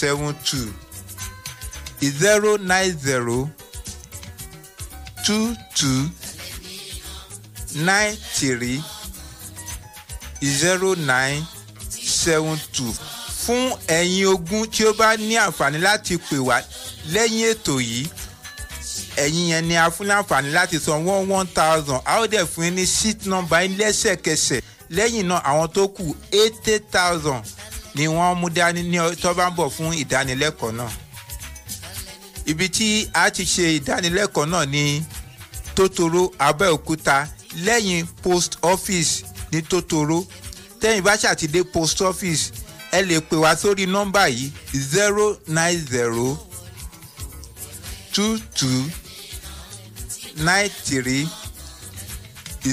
seven two zero nine zero two two nine three zero nine seven two fún ẹ̀yin ogún tí ó bá ní àǹfààní láti pè wá lẹ́yìn ètò yìí ẹ̀yin yẹn ni a fún láǹfààní láti san one one thousand a ó dẹ̀ fún yín ní sheet number yín lẹ́sẹ̀kẹsẹ̀ lẹ́yìn náà àwọn tó kù eighty thousand ni wọ́n mú dání ní tó bá ń bọ̀ fún ìdánilẹ́kọ̀ọ́ náà ibi tí a ti ṣe ìdánilẹ́kọ̀ọ́ náà ní Tòtòrò Abẹ́òkúta lẹ́yìn post office ní Tòtòrò tẹ́yìn bá ṣàtidé post office ẹ lè pè wá sórí nọ́mbà yìí zero nine zero two two nine three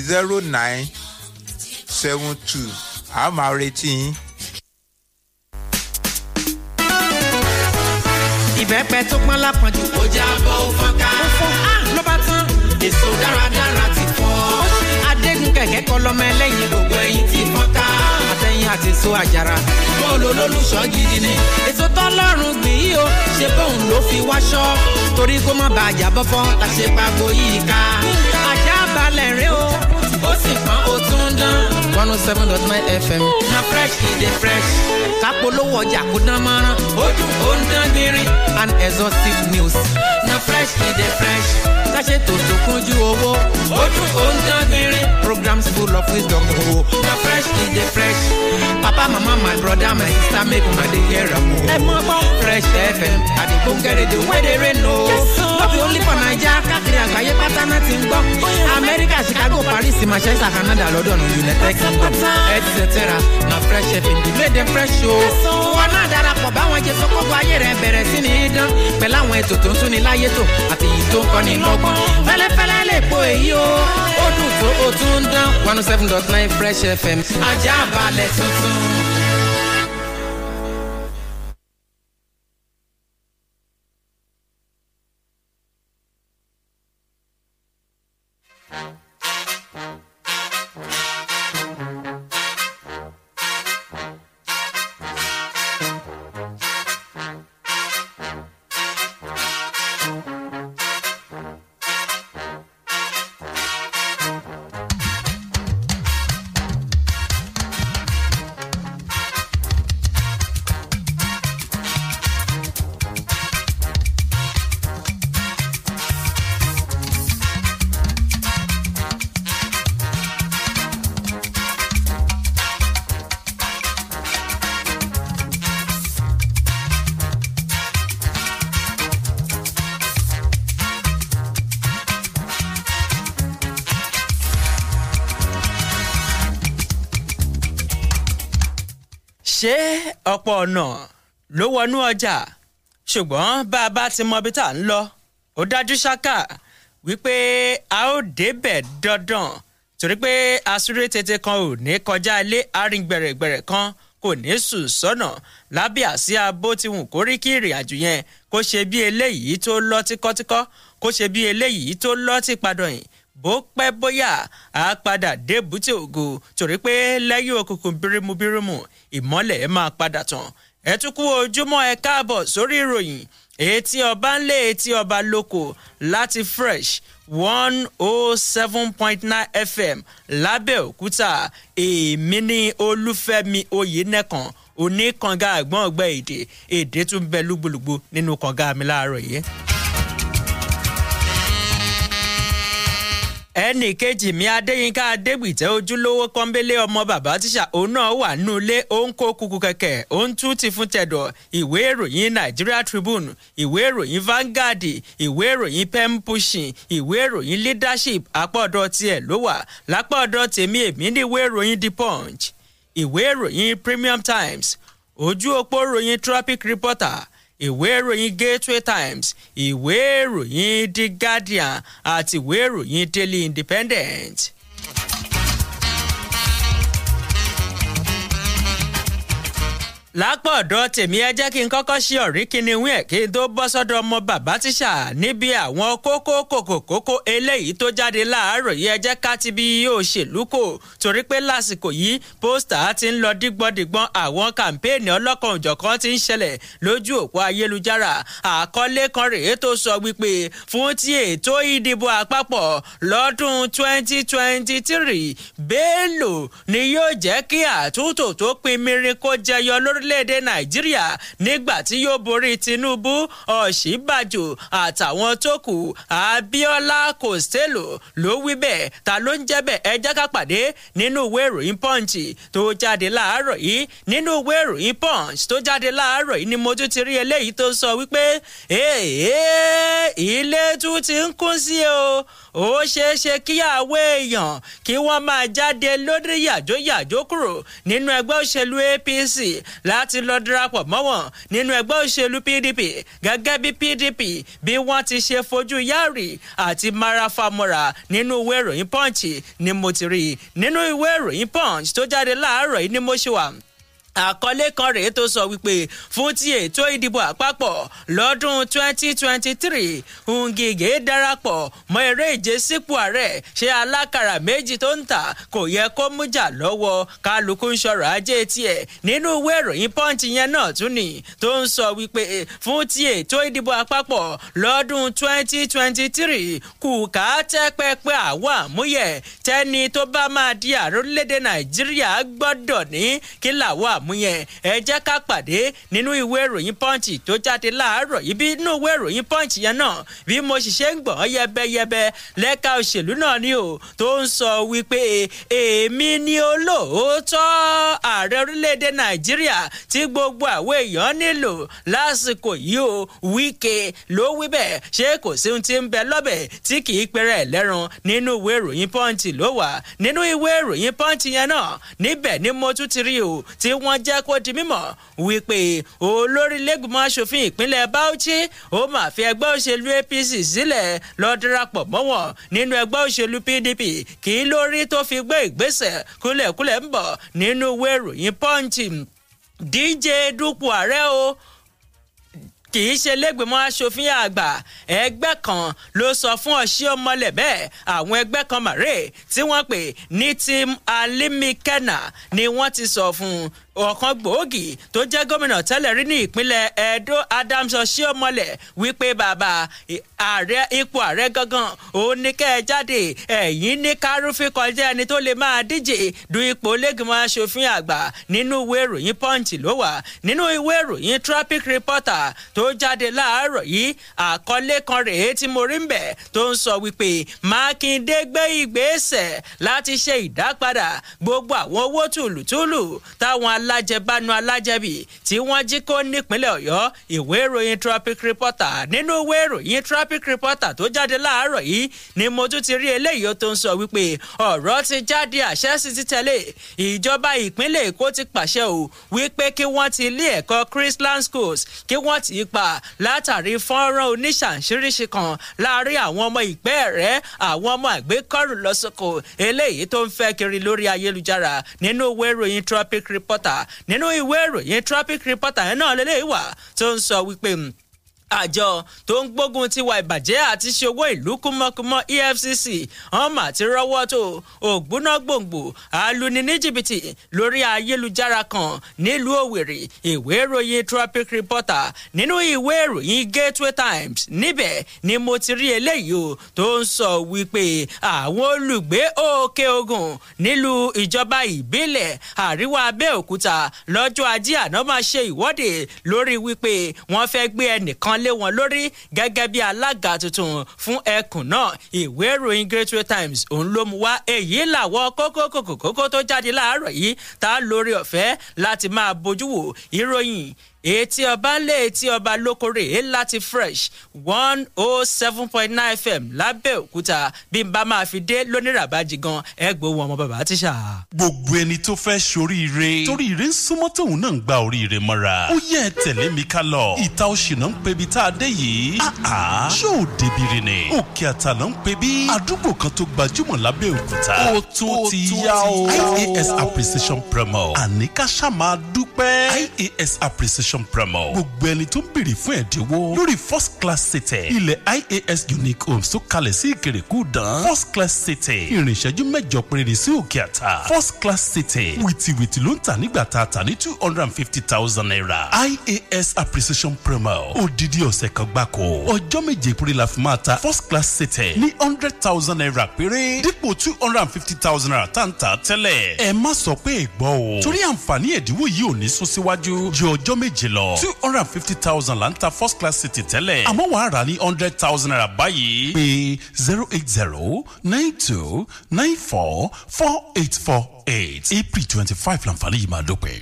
zero nine seven two a máa retí yín. ìbẹ́pẹ tó pọ́n lápọ̀jù. ó já bọ́ ó ó fọ́n á ah, ló bá tán. èso dáradára ti fọ́. ó ṣe adégun kẹ̀kẹ́ kọ́ lọ́mọ ẹlẹ́yin. gbogbo ẹyin ti fọ́n ká. àtẹ̀yìn àti èso àjàrà. bọ́ọ̀lù olólùṣọ́ gidi ni. èso tọ́lọ́run gbìn yìí o ṣe bóun ló fi wáṣọ. torí kó má bàa jábọ́ fọ́ la ṣe pàgọ́ yìí ká. àṣà balẹ̀ rẹ o ó sì pọ́n ó tún dán one oh seven dot nine fm. na fresh e dey fresh. kápolówó ọjà kó dán mọ́rán. ojú ò ń dán gbinrin. an exhaustive news. na fresh e dey fresh. káṣe tòótọ́ kúnjú owó. ojú ò ń dán gbinrin. programs full of wisdom o. Oh. na fresh e dey fresh. papa mama my brother my sister make una dey hear am o. Oh. ẹ mọ bọ́ fresh fm àdìgbò gẹ̀rẹ́dẹ̀ wẹ́dẹ̀rẹ́ nù. lọ́bì ó lè fọ naija káàkiri àgbáyé pátá náà ti ń gbọ́. Oh, amẹ́ríkà chicago paris manchester canada london united kingdom etc. na fresh fm di made in fresh o. Oh. wọn náà darapọ̀ báwọn jẹ sọ́kọ́ bọ ayé rẹ̀ bẹ̀rẹ̀ sí ní dán pẹ̀lú àwọn ètò tó ń súnni láyé tó àti èyí tó ń kọ́ni lọ́gbọ́n fẹ́lẹ́fẹ́lẹ́ lè po èyí o oh. ó dùn tó o tún dán one oh seven dot nine fresh fm ajá balẹ̀ tuntun. ọ̀pọ̀ ọ̀nà ló wọnú ọjà ṣùgbọ́n bá a bá ti mọ ibi tá à ń lọ ó dájú ṣáká wípé a ó débẹ̀ dandan torí pé asúré tètè kan ò ní kọjá ilé arìngbẹ̀rẹ̀gbẹ̀rẹ̀ kan kò ní sùn sọ́nà lábẹ́ àsíá bó ti wù kó rí kí ìrìn àjò yẹn kó ṣe bí eléyìí tó lọ tíkọ́tíkọ́ kó ṣe bí eléyìí tó lọ tí padà yìí bó pẹ́ bóyá a padà débùté ògo torí pé lẹ́yìn òkùnkùn bírímùbírímù ìmọ́lẹ̀ máa padà tàn ẹ tún kú ojúmọ́ ẹ káàbọ̀ sórí ìròyìn etí ọba ń lé etí ọba lóko láti fresh one oh seven point nine fm lábẹ́òkúta èmi ní olúfẹ́mi oyinẹ̀kan oníkanga àgbọ̀ngbẹ̀ èdè èdè tún bẹ lúgbòlùgbò nínú kànga mi láàárọ̀ yìí. ẹnì kejì mi adéyínká adégbìtẹ́ ojúlówó kọ́ńbélé ọmọ bàbá tíṣà òun náà wà nínú ilé ó ń kó kúkú kẹ̀kẹ́ ó ń ti fún tẹ̀dọ̀ ìwé ìròyìn Nigeria Tribune ìwé ìròyìn Vanguard ìwé ìròyìn pen pushing ìwé ìròyìn leadership apá ọ̀dọ̀ tiẹ̀ ló wà lápá tèmi èmi ní ìwé ìròyìn The Punch ìwé ìròyìn Premium Times ojú òpó ìròyìn Tropic Reporter ìwé ìròyìn Gateway Times ìwé ìròyìn The Guardian àti ìwé ìròyìn Daily Independent. lápò ọ̀dọ̀ tèmi ẹ jẹ́ kí n kọ́kọ́ ṣe ọ̀rí kíni wí ẹ̀ kí n tó bọ́ sọ́dọ̀ ọmọ bàbá tíṣà níbi àwọn kókó kòkò kókó eléyìí tó jáde láàárọ̀ yìí ẹ jẹ́ ká ti bí òṣèlú kò torí pé lásìkò yìí pósítà ti ń lọ dígbọ́ndígbọ́n àwọn kàmpéènì ọlọ́kan òjọ̀kan ti ń ṣẹlẹ̀ lójú òpó ayélujára àkọlé kan rèé tó sọ wípé fún ti ètò ìdìbò àpapọ̀ lọ́dún 2023 Bello ni yóò jẹ́ kí àtúntò tó pin mirin kó jẹyọ lórí lórílẹ̀‐èdè nàìjíríà nígbà tí yóò borí tinubu ọ̀ṣínbàjò àtàwọn tó kù abiola costello ló wí bẹ́ẹ̀ ta ló ń jẹ́ bẹ́ẹ̀ ẹ jẹ́ ká pàdé nínú ìwé ìròyìn punch tó jáde láàárọ̀ yìí nínú ìwé ìròyìn punch tó jáde láàárọ̀ yìí ni mo tún ti rí eléyìí tó sọ wípé ilé tún ti ń kún sí o ó ṣeé ṣe kíyàwó èèyàn kí wọ́n máa jáde lórí yàjóyàjó kúrò nínú ẹgbẹ́ òṣèlú APC láti lọ darapọ̀ mọ́ wọn nínú ẹgbẹ́ òṣèlú PDP gẹ́gẹ́ bí PDP bí wọ́n ti ṣe fojú yárì àti marafamora nínú ìwé ìròyìn Punch ni mo ti rí nínú ìwé ìròyìn Punch tó jáde láàárọ̀ yìí ni mo ṣe wà àkọlé kan rèé tó sọ wípé fún ti ètò ìdìbò àpapọ̀ lọ́dún 2023 Ngige darapọ̀ mọ́ eré ìje sípò ààrẹ ṣe alákàrà méjì tó ń tà kò yẹ kó mú jà lọ́wọ́ kálukú ń ṣọ̀rọ̀ ajé tiẹ̀ nínú ìwé ìròyìn punch yẹn náà tún ni tó ń sọ wípé fún ti ètò ìdìbò àpapọ̀ lọ́dún 2023 kù ká tẹ́ pẹ́pẹ́ àwọn àmúyẹ̀ tẹ́ni tó bá máa di ààrẹ Nàìjíríà gbọ́dọ̀ ní kí làwọn àmú àmúyẹ ẹ jẹ́ ká pàdé nínú ìwé ìròyìn punch tó jáde láàárọ̀ yìí bí inú ìwé ìròyìn punch yẹn náà bí mo sì ṣe ń gbọ́ yẹbẹyẹbẹ lẹ́ka òṣèlú náà ni o tó ń sọ wípé èmi ni olóòótọ́ ààrẹ orílẹ̀-èdè nàìjíríà tí gbogbo àwọn èèyàn nílò lásìkò yìí o Wike ló wí bẹ́ẹ̀ ṣé kò sí ohun tí ń bẹ lọ́bẹ̀ tí kì í pẹ́rẹ́ lẹ́ran nínú ìwé ìròyìn punch ló wà nínú ìwé ìròyìn punch yẹn náà níbẹ̀ ni mo tún ti rí o tí wọ́n wọ́n jẹ́ kó di mímọ̀ wípé olórí lẹ́gbìmọ̀ asòfin ìpínlẹ̀ Bauchi ó máa fi ẹgbẹ́ òṣèlú APC sílẹ̀ lọ darapọ̀ mọ́ wọn nínú ẹgbẹ́ òṣèlú PDP kí lórí tó fi gbé ìgbésẹ̀ kúlẹ̀kúlẹ̀ ń bọ̀ nínú ìwé ìròyìn Punch DJ dúpọ̀ ààrẹ o kì í ṣe lẹ́gbẹ̀mọ́ aṣòfin àgbà ẹgbẹ́ kan ló sọ fún ọ̀ṣẹ́ ọmọlẹ̀ bẹ́ẹ̀ àwọn ẹgbẹ́ kan màrè tí wọ́n pè ní team alimikena ni wọ́n ti sọ fún un ọ̀kan gbòógì tó jẹ́ gómìnà tẹ́lẹ̀ rí ní ìpínlẹ̀ Edo Adams Oshiomhole wípé bàbá ààrẹ ipò ààrẹ gangan òun ní kẹ́ ẹ jáde ẹ̀yìn ní kárúfin kọjá ẹni tó lè máa díje du ipò lẹ́gbìmọ̀ aṣòfin àgbà nínú ìwé ìròyìn Punch ló wà nínú ìwé ìròyìn traffic reporter tó jáde láàárọ̀ yìí àkọlé kan rèé tí mo rí ń bẹ̀ tó ń sọ wípé Mákindé gbé ìgbésẹ̀ láti ṣe ìdápadà gbogbo àwọn owó tùlùtùlù táwọn alá alájẹbánu alájẹbí tí wọ́n jí kó nípínlẹ̀ ọ̀yọ́ ìwé ìròyìn traffic reporter nínú ìwé ìròyìn traffic reporter tó jáde láàárọ̀ yìí ni mo tún ti rí eléyìí tó ń sọ wípé ọ̀rọ̀ ti jáde àṣẹ sí títẹ̀lé ìjọba ìpínlẹ̀ èkó ti pàṣẹ o wípé kí wọ́n ti ilé ẹ̀kọ́ christian schools kí wọ́n ti pa látàrí fọ́nrán oníṣàǹṣiríṣi kan láàárín àwọn ọmọ ìpẹ́ rẹ̀ àwọn ọmọ àgbékọ́rù lọ́sọ̀kọ̀ eléyìí tó ń fẹ́ kiri lórí ayélujára nínú ìwé ìròyìn tropic reporter nínú ìwé ìròyìn traffic reporter ẹ̀ náà lélẹ́yìí wà tó ń sọ wípé hmm, àjọ tó ń gbógun tiwa ìbàjẹ́ àti ṣe owó ìlú kúmọ́kúmọ́ efcc ọmọ àti rọ́wọ́ tó ògbóná gbòǹgbò aluni ní jìbìtì lórí ayélujára kan nílùú òwèrè ìwé ìròyìn tropic reporter nínú ìwé ìròyìn gateway times níbẹ̀ ni mo ti rí eléyìí o tó ń sọ wípé àwọn olùgbé òkè ogun nílùú ìjọba ìbílẹ̀ àríwá abẹ́òkúta lọ́jọ́ ajé àná máa ṣe ìwọ́de lórí wípé wọ́n fẹ́ gbé ẹnìkan wọn lé wọn lórí gẹ́gẹ́ bí alága tuntun fún ẹkùn náà ìwé ìròyìn Greatway Times òun ló mú wá èyí làwọn kókó kòkó kókó tó jáde láàárọ̀ yìí tá a lórí ọ̀fẹ́ láti máa bójú wò ìròyìn etí ọba ń lé etí ọba lókòrè láti fresh one oh seven point nine fm lábẹ́òkúta bí n bá máa fi dé lóníràbájì gan ẹgbẹ́ ohun ọmọ bàbá tíṣà. gbogbo ẹni tó fẹ́ soríire toríire ń súnmọ́ tóun náà ń gba oríire mọ́ra ó yẹ tẹ̀lé mi ká lọ ìta òṣìnà ń pebi tá a dé yìí ah, ah. ṣó o débìrì ni òkè àtàlà ń pebi àdúgbò kan tó gbajúmọ̀ lábẹ́òkúta ó tún ti yá o IAS appreciation promo àníkàṣà máa dúpẹ́ IAS appreciation vacation promo gbogbo ẹni tó ń béèrè fún ẹ̀dínwó lórí first class city ilẹ̀ ias unique homes tó kalẹ̀ sí ìkẹrẹ̀kú dán first class city ìrìnsẹ́jú mẹ́jọ péré sí òkè àtà first class city wìtìwìtì ló ń tà nígbà tá a tà ní two hundred and fifty thousand naira ias appreciation promo odidi ọ̀sẹ̀ kan gbáko ọjọ́ méje péré la fi máa ta first class city ní hundred thousand naira péré dípò two hundred and fifty thousand naira tá n ta tẹ́lẹ̀ ẹ má sọ pé ìgbọ́ o torí àǹfààní ẹ̀dínwó yìí ò ní sún síwájú ju ọjọ́ méje méje lọ two hundred and fifty thousand la ń ta first class city tẹ́lẹ̀ àmọ́ wàá rà ní hundred thousand naira báyìí pé zero eight zero nine two nine four four eight four eight april twenty five lànfààní yìí máa dópin.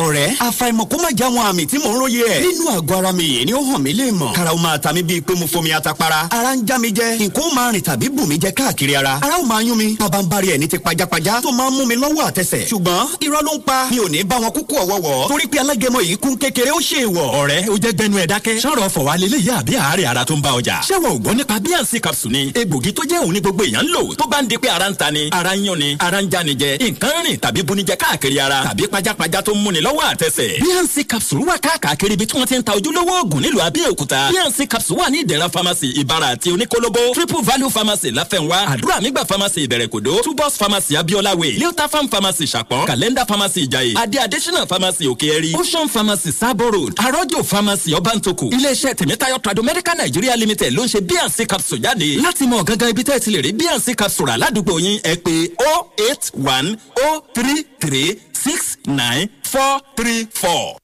ọ̀rẹ́ àfàìmọ̀ kó má já wọn àmì tí mò ń róye ẹ̀ nínú àgọ́ ara mi yìí ni ó hàn mí lè mọ̀ karaw máa ta mi bíi pé mo fomi atapara ara ń já mi jẹ nǹkan ó máa rìn tàbí bù mí jẹ káàkiri ara ara ó máa yún mi bàbá ń bari ẹni ti pajápajá tó máa ń mú mi lọ́wọ́ àtẹsẹ̀ ṣùgbọ́n irọ́ ló ń pa mi ò ní bá wọn kúkú ọ̀wọ́wọ́ torí pé alágẹmọ yìí kún kékeré ó ṣe ìwọ̀ ọ̀rẹ́ lọ́wọ́ àtẹsẹ̀. bnc capsule wà káàkiri ibi tí wọ́n ti ń ta ojúlówó oògùn nílùú abẹ́òkúta. bnc capsule wà ní ìdẹ̀ra pharmacy ìbàrà àti oníkólóbó triple value pharmacy láfẹ́nwá àdúrà mígbà pharmacy two tubos pharmacy abiola way leota farm pharmacy ṣàpọ̀n calendar pharmacy ìjàyè adé additional pharmacy òkèèrè ocean pharmacy sabo road arọ́jò pharmacy ọbàntòkù iléeṣẹ́ tèmítáyọ̀ trado medical nigeria limited ló ń ṣe bnc capsule jáde láti mọ gangan ibi tẹ́ẹ̀ ti lè rí bnc capsule aládùúgbò yín ẹ pè oh oh three 69434.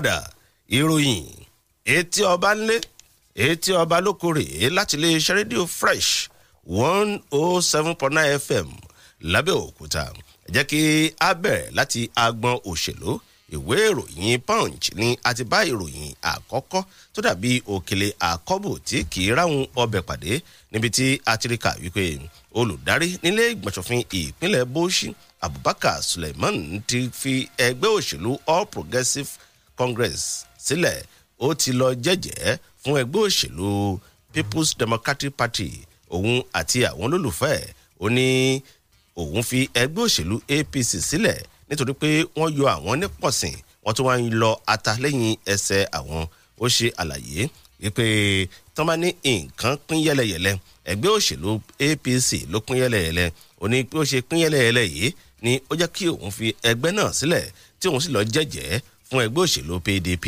padà ìròyìn etí ọba ńlé etí ọba lókòrè láti lè rédíò fresh one oh seven point nine fm lábẹ́òkúta jẹ́ kí a bẹ̀rẹ̀ láti agbọn òṣèlú ìwé ìròyìn punch ni a ti bá ìròyìn àkọ́kọ́ tó dàbí òkèlè àkọ́bù tí kì í ráhùn ọbẹ̀ pàdé níbi tí a ti rí kà wípé olùdarí nílé ìgbọ̀nsọ̀fin ìpínlẹ̀ bauchi abubakar suleiman ti fi ẹgbẹ́ òṣèlú all progressives congress sílẹ̀ ó ti lọ jẹ́jẹ́ fún ẹgbẹ́ òṣèlú people's democratic party òun àti àwọn olólùfẹ́ ó ní òun fi ẹgbẹ́ òṣèlú apc sílẹ̀ nítorí pé wọ́n yọ àwọn nípọ̀sìn wọ́n tún wá ń lọ ata lẹ́yìn ẹsẹ̀ àwọn ó ṣe àlàyé wípé tán bá ní nǹkan pín yẹlẹyẹlẹ ẹgbẹ́ òṣèlú apc ló pín yẹlẹyẹlẹ ó ní bí ó ṣe pín yẹlẹyẹlẹ yìí ni ó jẹ́ kí òun fi ẹgbẹ́ náà sílẹ̀ tí òun sì lọ jẹ́jẹ́ fún ẹgbẹ́ òṣèlú PDP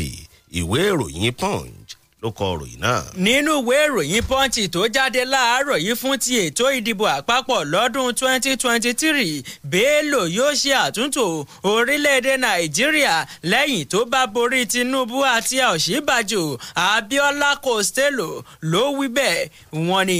ìwé ìròyìn punch ló kọ ìròyìn náà. nínú ìwé ìròyìn pọ́ǹchì tó jáde láàárọ̀ yìí fún ti ètò ìdìbò àpapọ̀ lọ́dún 2023 Bello yóò ṣe àtúntò orílẹ̀-èdè nàìjíríà lẹ́yìn tó bá borí Tinubu àti Ọ̀ṣínbàjò Abiola Costello ló wí bẹ́ẹ̀ wọ́n ní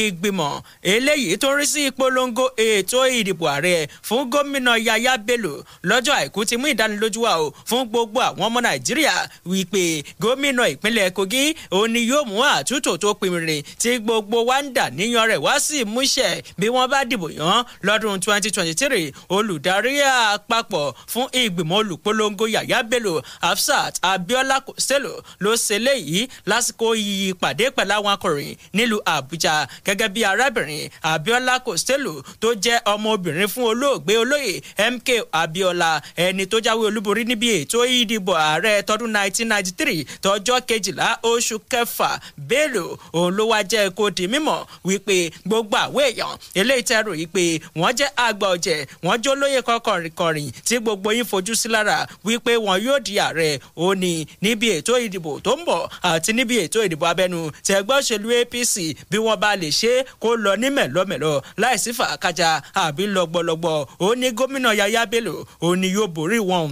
ìgbìmọ̀ eléyìí tó rí sí ìpolongo ètò ìdìbò ààrẹ fún gómìnà Yaya Bello lọ́jọ́ àìkú ti mú ìdánilójú wá o fún gbogbo àwọn ọmọ nàìjíríà wípé gómìnà ìpínlẹ̀ Kogi òun ni yóò mú àtúntò tó pinrin tí gbogbo wa ń dà níyan rẹ̀ wá sí ìmúṣẹ bí wọ́n bá dìbò yàn lọ́dún 2023 olùdarí àpapọ̀ fún ìgbìmọ̀ olùpolongo yàyà bello hafsat abiola costello ló ṣe léyìí lásìkò ìpàdé pẹ̀lú àwọn akọ̀ròyìn nílùú àbújá gẹ́gẹ́ bí arábìnrin abiola costello tó jẹ́ ọmọbìnrin fún olóògbé olóyè mk abiola ẹni tó jáwé olúborí níbi ètò ìdìbò ààrẹ tọdún 1993 tọjọ́ kejìlá ó oṣù kẹfà bẹ́ẹ̀lù òun ló wá jẹ́ kó di mímọ̀ wípé gbogbo àwọ̀ èèyàn eléyìí tẹ́ rò yìí pé wọ́n jẹ́ àgbà ọ̀jẹ̀ wọ́n jẹ́ olóyè kọkànrìnkọ̀rìn tí gbogbo yín fojú sí lára wípé wọn yóò di ààrẹ ó ní níbi ètò ìdìbò tó ń bọ̀ àti níbi ètò ìdìbò abẹ́nú tẹ̀gbọ́n òṣèlú APC bí wọ́n bá lè ṣe kó lọ ní mẹ̀lọ́mẹ̀lọ́ láìsí fàákàjà àbí lọ́gbọ́lọ́gbọ́ ó gómìnà Yaya Bello ó ní yóò borí wọn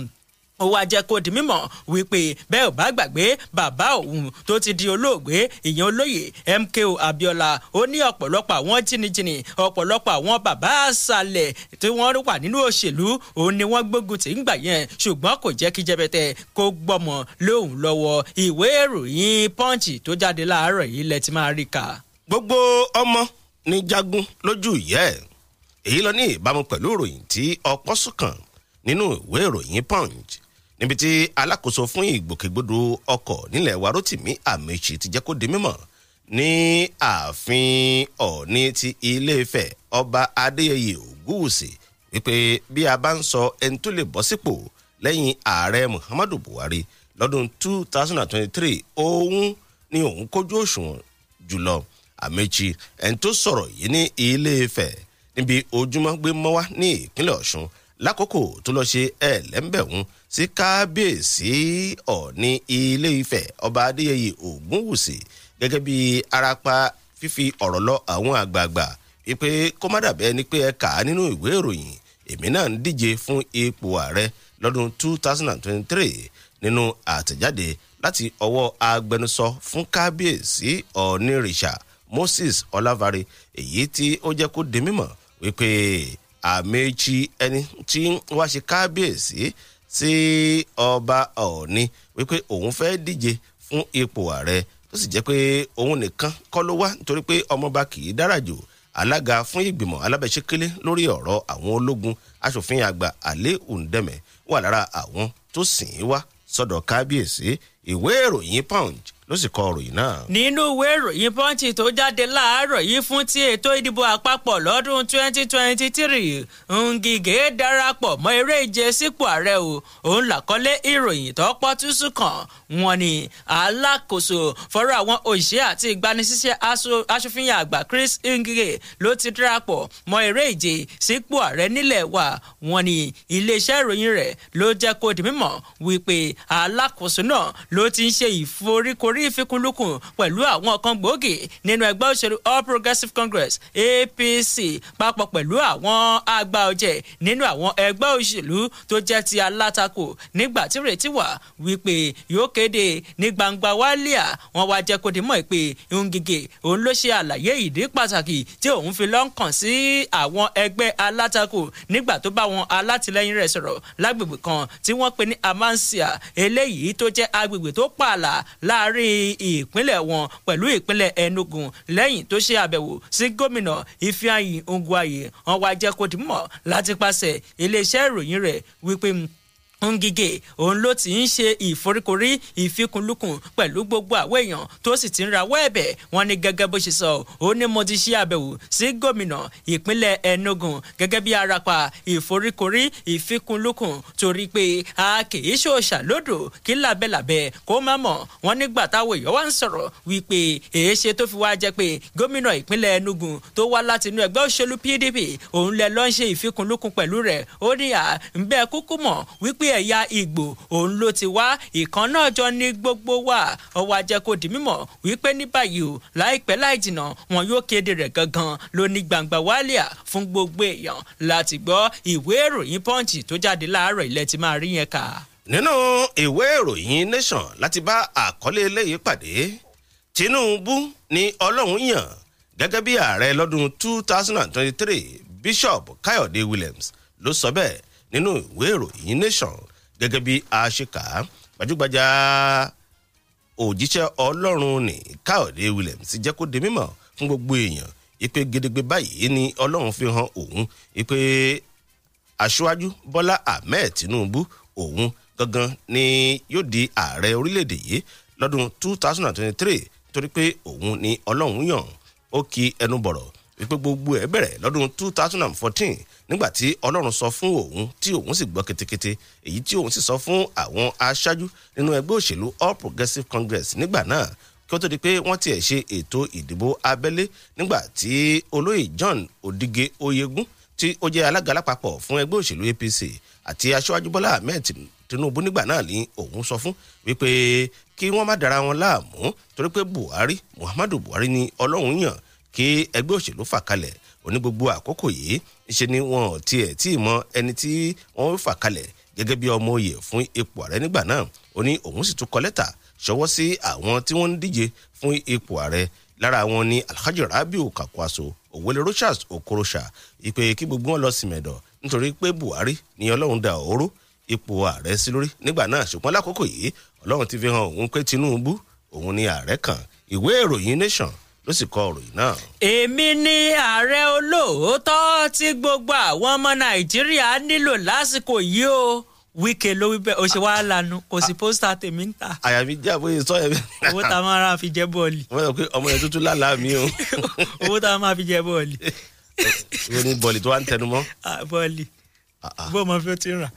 ó wá jẹ́ kó di mímọ̀ wípé bẹ́ẹ̀ ò bá gbàgbé bàbá òun tó ti di olóògbé ìyẹn olóyè MKO Abiola ó ní ọ̀pọ̀lọpọ̀ àwọn jìnnìjìnnì ọ̀pọ̀lọpọ̀ àwọn bàbá àṣàlẹ̀ tí wọ́n wà nínú òṣèlú òun ni wọ́n gbógun tì ń gbà yẹn ṣùgbọ́n kò jẹ́ kí jẹbẹtẹ kó gbọmọ lóhùn lọ́wọ́ ìwé ìròyìn punch tó jáde láàárọ̀ yìí lẹ ti máa rí kà. gbogbo ọmọ ní jagun lójú ìyẹ́ èyí lọ ní ìbámu pẹ̀lú ìròyìn tí ọpọ́ sùn nínú ìwé ìròyìn punch níbi tí alákòóso fún ìgbòkègbodò ọkọ̀ nílẹ̀ wa Rotimi amechi ti jẹ́ kó di mímọ̀ ní ààfin Ọ̀ọ̀ni ti Ilé-Ifẹ̀ ọba Adéyẹyè Ògúwùsì wípé bí a bá ń sọ ẹni tó lè bọ́ sípò lẹ́yìn ààrẹ Muhammadu Buhari lọ́dún 2023 òun ni òun kójú òṣùwọ̀n jùlọ Amaechi ẹni tó sọ̀rọ̀ yìí ní ilé níbi ojúmọ́ gbé mọ́wá ní ìpínlẹ̀ Ọ̀ṣun lákòókò tó lọ́ọ́ ṣe ẹ̀ẹ́lẹ́mbẹ̀hún eh, sí kábíyèsí ọ̀ní ilé ifẹ̀ ọba adéyẹyè ògúnwùsì gẹ́gẹ́ bí arapa fífi ọ̀rọ̀ lọ àwọn àgbààgbà wípé kó má dàbẹ́ ni pé ẹ kà á nínú ìwé ìròyìn èmi náà ń díje fún ipò ààrẹ lọ́dún 2023 nínú àtẹ̀jáde láti ọwọ́ agbẹnusọ fún kábíyèsí ọ̀nìrìṣà moses ọlávare èyí tí ó jẹ́ kó di mímọ̀ wípé àmẹ́jì ẹni tí wá ṣe kábíyèsí sí ọba ọ̀ọ́ni wípé òun fẹ́ díje fún ipò ààrẹ tó sì jẹ́ pé òun nìkan kọ́ ló wá nítorí pé ọmọọba kì í dára jù alága fún ìgbìmọ̀ alábẹ́sẹ́kẹ́lé lórí ọ̀rọ̀ àwọn ológun aṣòfin àgbà alẹ́ òǹdẹ̀mẹ̀ wà lára àwọn tó sìn ín wá sọ́dọ̀ kábíyèsí ìwé ìròyìn punch ló sì kọ ròyìn náà. nínú ìwé ìròyìn pọ́ńchì tó jáde láàárọ̀ yìí fún ti ètò ìdìbò àpapọ̀ lọ́dún 2023 ngige darapọ̀ mọ́ eré ìje sípò ààrẹ o òun làkọ́lé ìròyìn tó pọ́túsù kan wọn ni alákòóso fọ́rọ̀ àwọn òṣìṣẹ́ àti ìgbanisíṣẹ́ aṣòfin àgbà Chris ngige ló ti darapọ̀ mọ́ eré ìje sípò ààrẹ nílẹ̀ wa wọn ni iléeṣẹ́ ìròyìn rẹ̀ ló jẹ́ kó di mímọ̀ wípé alákòóso náà ló ti ń ṣe ìforíkorí rí ìfikùn lukùn pẹ̀lú àwọn kan gbòógì nínú ẹgbẹ́ òṣèlú All Progressives Congress APC papọ̀ pẹ̀lú àwọn àgbà ọ̀jẹ̀ nínú àwọn ẹgbẹ́ òṣèlú tó jẹ́ ti alátakò nígbà tí ìrètí wà wípé yóò kéde ní gbangba wálíà wọn wá jẹ́ kó di mọ̀ pé Ngige òun ló ṣe àlàyé ìdí pàtàkì tí òun fi lọ́ǹkàn sí àwọn ẹgbẹ́ alátakò nígbà tó bá wọn alátìlẹyìn rẹ̀ sọ̀rọ̀ lágbègbè kan tí wọ́n pe ní Amansia eléyìí tó jẹ́ agbègbè tó pààlà láàrin ìpínlẹ̀ wọn pẹ̀lú ìpínlẹ̀ Enugu lẹ́yìn tó ṣe àbẹ̀wò sí gómìnà Ifeanyi Ongwaye wọn wá jẹ́ kó di mọ̀ láti pàṣẹ iléeṣẹ́ ìròyìn rẹ̀ wípé ngige òun ló ti ń ṣe ìforíkorí ìfikùnlukùn pẹ̀lú gbogbo àwọn èèyàn tó sì ti ń rawọ́ ẹ̀bẹ̀ wọn ni gẹ́gẹ́ bó ṣe sọ ó ní mo ti ṣe àbẹ̀wò sí gómìnà ìpínlẹ̀ Enugu gẹ́gẹ́ bí arapa ìforíkorí ìfikùnlukùn torí pé a kìí ṣòṣà lódò kí làbẹ́làbẹ́ kó má mọ̀ wọn nígbà táwọn èèyàn wá ń sọ̀rọ̀ wípé èé ṣe tó fi wá jẹ́ pé gómìnà ìpínlẹ̀ Enugu tó wá láti inú ẹgbẹ́ PDP òun lẹ lọ́ ń ṣe ìfikùnlukùn pẹ̀lú rẹ̀ ó ẹ̀yà ìgbò òun ló ti wá ìkan náà jọ ní gbogbo wa ọwọ́ ajẹ́ kó di mímọ̀ wípé ní báyìí o láìpẹ́ láì jìnà wọn yóò kéde rẹ̀ gangan ló gbangba wálíà fún gbogbo èèyàn láti gbọ́ ìwé ìròyìn pọ́ǹchì tó jáde láàárọ̀ ilẹ̀ ti máa rí yẹn kà. nínú ìwé ìròyìn nation láti bá àkọlé eléyìí pàdé tinubu ni ọlọ́run yàn gẹ́gẹ́ bí ààrẹ lọ́dún 2023 bishop káyọ̀dé williams ló sọ bẹ́ẹ̀ nínú ìwé ìròyìn nation gẹ́gẹ́ bí a ṣe kà á gbajúgbajà òjíṣẹ́ ọlọ́run ní káyọ̀dé williams ti jẹ́ kó di mímọ̀ fún gbogbo èèyàn ìpè gedegbe báyìí ni ọlọ́run fi hàn òun ìpè aṣáájú bọ́lá ahmed tinubu òun gangan ni yóò di ààrẹ orílẹ̀-èdè yìí lọ́dún 2023 torí pé òun ni ọlọ́run yàn ó kí ẹnu bọ̀rọ̀ wípé gbogbo ẹ̀ bẹ̀rẹ̀ lọ́dún 2014 nígbà tí ọlọ́run sọ fún òun tí òun sì gbọ́ ketekete èyí tí òun sì sọ fún àwọn aṣáájú nínú ẹgbẹ́ òṣèlú all progressives congress nígbà náà kí ó tó di pé wọ́n tiẹ̀ ṣe ètò ìdìbò abẹ́lé nígbà tí olóyè john odige oyegun tí ó jẹ́ alága lápapọ̀ fún ẹgbẹ́ òṣèlú apc àti aṣáájú bọ́lá ahmed tinubu nígbà náà ni òun sọ fún wípé kí wọ́n má dara wọn láàmú torí pé buhari muhammadu buhari ni ọlọ́run yàn kí ẹgbẹ́ òṣèlú fà kalẹ̀ òní gbogbo àkókò yìí ṣe ni wọn ò tiẹ̀ tí ì mọ ẹni tí wọ́n fà kalẹ̀ gẹ́gẹ́ bí ọmọ òye fún ipò ààrẹ nígbà náà ó ní òun sì tún kọ lẹ́tà ṣọwọ́ sí àwọn tí wọ́n ń díje fún ipò ààrẹ lára wọn ni alhaji rabiu kakwaso òwòlé rochas okorocha ìpè kí gbogbo wọn lọ sí mẹ̀dọ̀ nítorí pé buhari ni ọlọ́run da òró ipò ààrẹ sí lórí nígbà náà ṣùgbọ́n lákòókò yìí ọlọ́run ti fi hàn òun pé tinubu òun ni ààrẹ kan ìwé ìròyìn nation ló sì kọ ìròyìn náà. èmi ni ààrẹ olóòótọ́ tí gbogbo àwọn ọmọ nàìjíríà nílò lásìkò yìí o wíkẹ ló wí bẹ́ẹ̀ o ṣe wá lanu kò sí pósítà tèmi ń ta. àyà mi jẹ́ àbóyè sọ yẹn. owó tá a máa ra fi jẹ bọ́ọ̀lì. wọ́n sọ pé ọmọ yẹn tuntun lálàá mi o. owó tá a máa fi jẹ bọ́ọ̀lì. ìwé ni bọ́ọ̀lì tó wà ń tẹnu mọ́. bọ́ọ̀lì ah, ah. bó o máa fi ó ti rà.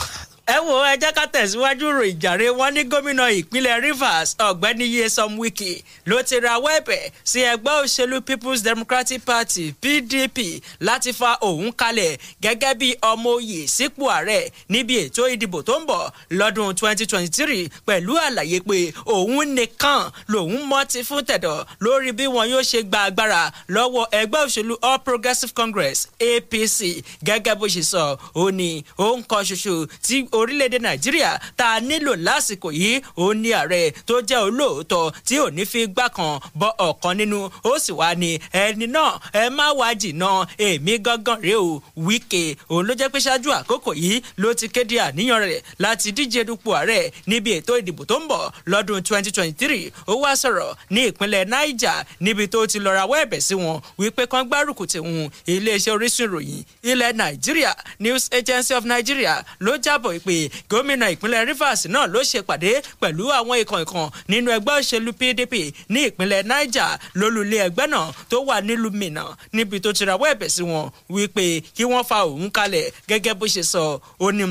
Ah, ẹ wo ẹ jẹ́ ká tẹ̀síwájú ròyìn jàre wọn ní gómìnà ìpínlẹ̀ Rivers ọ̀gbẹ́ni Nyesom wiki ló ti rawọ́ ẹ̀bẹ̀ sí ẹgbẹ́ òṣèlú People's Democratic Party PDP láti fa òun kalẹ̀ gẹ́gẹ́ bí ọmọ oyè sípò ààrẹ níbi ètò ìdìbò tó ń bọ̀ lọ́dún 2023 pẹ̀lú àlàyé pé òun nìkan lòun mọ́tí fún tẹ̀dọ̀ lórí bí wọn yóò ṣe gba agbára lọ́wọ́ ẹgbẹ́ òṣèlú All Progressives Congress APC gẹ́gẹ́ bó ṣe sọ ó ní òun kan ṣoṣo tí ó orílẹ̀-èdè nàìjíríà tá a nílò lásìkò yìí òun ni ààrẹ tó jẹ́ olóòótọ́ tí ò ní fi gbà kan bọ ọ̀kan nínú ó sì wá ní ẹni náà ẹ má wá jìnnà èmi gángan rèé o Wike òun ló jẹ́ pé ṣáájú àkókò yìí ló ti kéde àníyàn rẹ̀ láti díje dupò ààrẹ níbi ètò ìdìbò tó ń bọ̀ lọ́dún 2023 ó wá sọ̀rọ̀ ní ìpínlẹ̀ Niger níbi tó ti lọ rawọ́ ẹ̀bẹ̀ sí wọn wípé kán gbárùkù tìhun iléeṣẹ́ orísun ìròyìn ilẹ̀ Nàìjíríà News Agency of Nigeria ló jábọ̀ pé gómìnà ìpínlẹ̀ Rivers náà ló ṣe pàdé pẹ̀lú àwọn ikọ̀ ikọ̀ nínú ẹgbẹ́ òṣèlú PDP ní ìpínlẹ̀ Niger lólùlé ẹgbẹ́ náà tó wà nílùú Minna níbi tó ti rawọ́ ẹ̀bẹ̀ sí wọn wípé kí wọ́n fa òun kalẹ̀ gẹ́gẹ́ bó ṣe sọ ó ní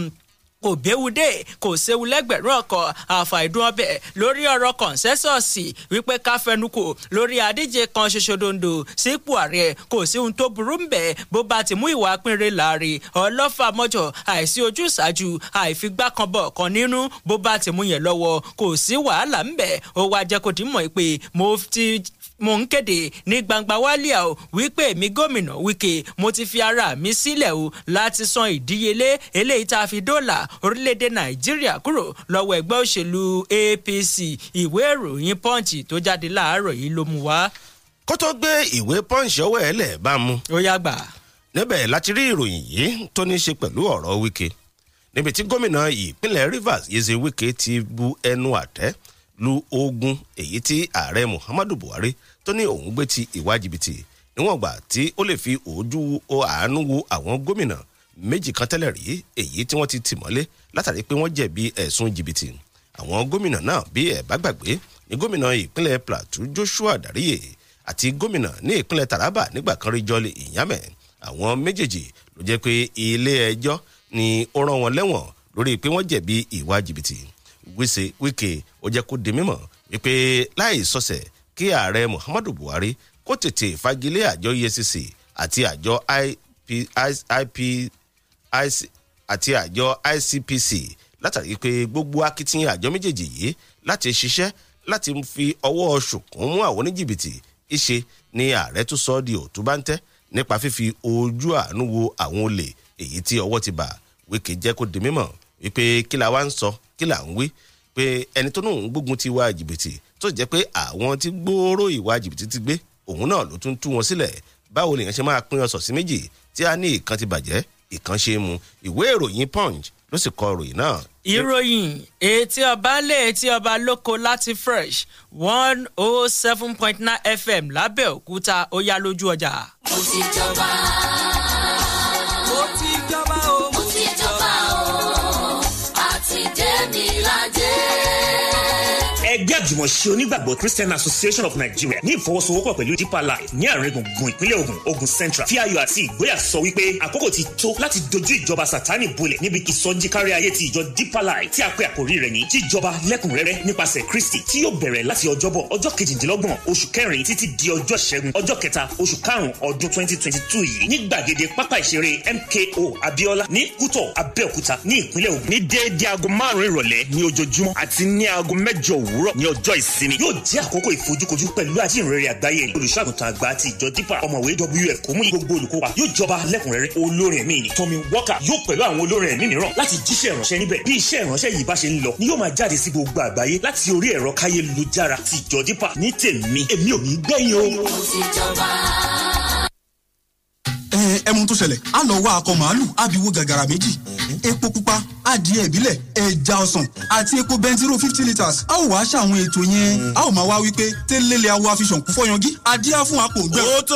kò béwu dé kò séwu lẹ́gbẹ̀rún ọkọ̀ àfàìdún ọbẹ̀ lórí ọ̀rọ̀ kọ̀ǹsẹ́sọ̀ọ̀sì wípé ká fẹnukò lórí adíje kan ṣoṣo dondo sípò ààrẹ kò sí ohun tó burú ń bẹ̀ bó bá ti mú ìwà pínre láàrin ọlọ́fà mọ́jọ àìsí ojú ìṣáájú àìfigbákanbọ̀ kan nínú bó bá ti mú yẹn lọ́wọ́ kò sí wàhálà ń bẹ̀ ó wá jẹ́ kó dì mọ̀ pé mo ti mò ń kéde ní gbangba wálíà o wípé èmi gómìnà Wike mo ti fi ara mi sílẹ̀ o láti san ìdíyelé eléyìí tá a fi dọ́là orílẹ̀-èdè Nàìjíríà kúrò lọ́wọ́ ẹgbẹ́ òṣèlú APC ìwé ìròyìn Punch tó jáde láàárọ̀ yìí ló mú wá. kó tó gbé ìwé Punch ọwọ́ ẹ̀ lẹ̀ bá mu. ó yá gbà. níbẹ̀ láti rí ìròyìn yìí tó ní í ṣe pẹ̀lú ọ̀rọ̀ Wike níbi tí gómìnà ìpínlẹ̀ Rivers Yeze Wike ti bu ẹnu àtẹ́ lu ogun èyí tí ààrẹ Muhammadu Buhari tó ní òun gbé ti ìwà jìbìtì níwọ̀n gbà tí ó lè fi òójú o àánú wo àwọn gómìnà méjì kan tẹ́lẹ̀ rí èyí tí wọ́n ti tì mọ́lé látàrí pé wọ́n jẹ̀bi ẹ̀sùn jìbìtì àwọn gómìnà náà bí ẹ̀ bá gbàgbé ní gómìnà ìpínlẹ̀ plateau joshua dariye àti gómìnà ní ìpínlẹ̀ taraba nígbà kan rí jọlẹ ìyàmẹ̀ àwọn méjèèjì ló jẹ́ pé ilé ẹjọ́ ni ó rán wọn lẹ́wọ̀n lórí pé wọ́n jẹ̀bi ìwà jìbìtì wíṣe wíkẹ́ ó jẹ́ kó di mímọ̀ wípé láì sọ̀sẹ̀ kí ààrẹ muhammadu buhari kó tètè fagilé àjọ efcc àti àjọ àti àjọ icpc látàrí pé gbogbo akitiyan àjọ méjèèjì yìí láti ṣiṣẹ́ láti fi ọwọ́ ṣùkún mú àwọn oníjìbìtì ìṣe ni ààrẹ tún sọ di òtúbáńtẹ́ nípa fífi ojú àánú wo àwọn olè èyí tí ọwọ́ ti bà wíkì jẹ́ kó di mímọ̀ wípé kí la wá ń sọ kí la ń wí pé ẹni tó náà ń gbógun ti wá jìbìtì tó jẹ́ pé àwọn tí gbòòrò ìwà jìbìtì ti gbé òun náà ló tún tú wọn sílẹ̀ báwo lèèyàn ṣe máa pín ọsàn sí méjì tí a ní ìkan ti bàjẹ́ ìkan ṣe é mu ìwé ìròyìn punch ló sì kọ ìròyìn náà. ìròyìn etí ọba lé etí ọba lóko láti fresh one oh seven point nine fm lábẹ́òkúta ó yá lójú ọjà. mo ti jọba. àjùmọ̀ṣe onígbàgbọ́ Christian Association of Nigeria ní ìfọwọ́sowọ́pọ̀ pẹ̀lú Deeper Life ní àárín gbùngbùn ìpínlẹ̀ Ògùn Ògùn Central fi ayọ̀ àti ìgboyà sọ wípé àkókò ti tó láti dojú ìjọba Sátánì bolẹ̀ níbi ìsọjí kárí ayé ti ìjọ Deeper Life tí a pè àkórí rẹ̀ ní jíjọba lẹ́kùnrẹ́rẹ́ nípasẹ̀ Kristi tí yóò bẹ̀rẹ̀ láti ọjọ́bọ̀ ọjọ́ kejìdínlọ́gbọ̀n oṣù kẹrin títí di ọjọ́ ṣẹ́gun ọjọ́ kẹta oṣù karùn-ún ọdún twenty twenty two yìí ní gbàgede pápá ìṣeré MKO Abiola ní Kútọ̀ Abẹ́òkúta ní ìpínlẹ̀ Ògùn ní déédéé aago márùn-ún ìrọ̀lẹ́ ní ojoojúmọ́ àti ní aago mẹ́jọ òwúrọ̀ ní ọjọ́ ọjọ́ ìsinmi yóò jẹ́ àkókò ìfojúkojú pẹ̀lú ajínrere àgbáyé olùṣàgùntàn àgbà ti ìjọ dípà ọmọwé wf kò mú gbogbo olùkópa yóò jọba lẹ́kùnrẹ́rẹ́ olórin ẹ̀mí ni Tommy Walker yóò pẹ̀lú àwọn olórin ẹ̀mí mìíràn láti jíṣẹ́ ìránṣẹ́ níbẹ̀ bí iṣẹ́ ìránṣẹ́ yìí bá ṣe ń lọ ni yóò máa jáde sí gbogbo àgbáyé láti orí ẹ̀rọ káyélujára ti ìjọ dípà ní tèmi èmi ò ní gbẹ̀yìn o. mo ti jọba ẹmu tó ṣẹlẹ̀ a lọ wá akọ màálù àbíwó gàgàrà méjì epo pupa adìẹ ìbílẹ̀ ẹja ọsàn àti epo bẹntiró fifty litres a ó wá ṣàwọn ètò yẹn a ó máa wá wípé télélẹ̀ awo àfihàn kú fọyangí adíá fún apò gbẹ. ó tó.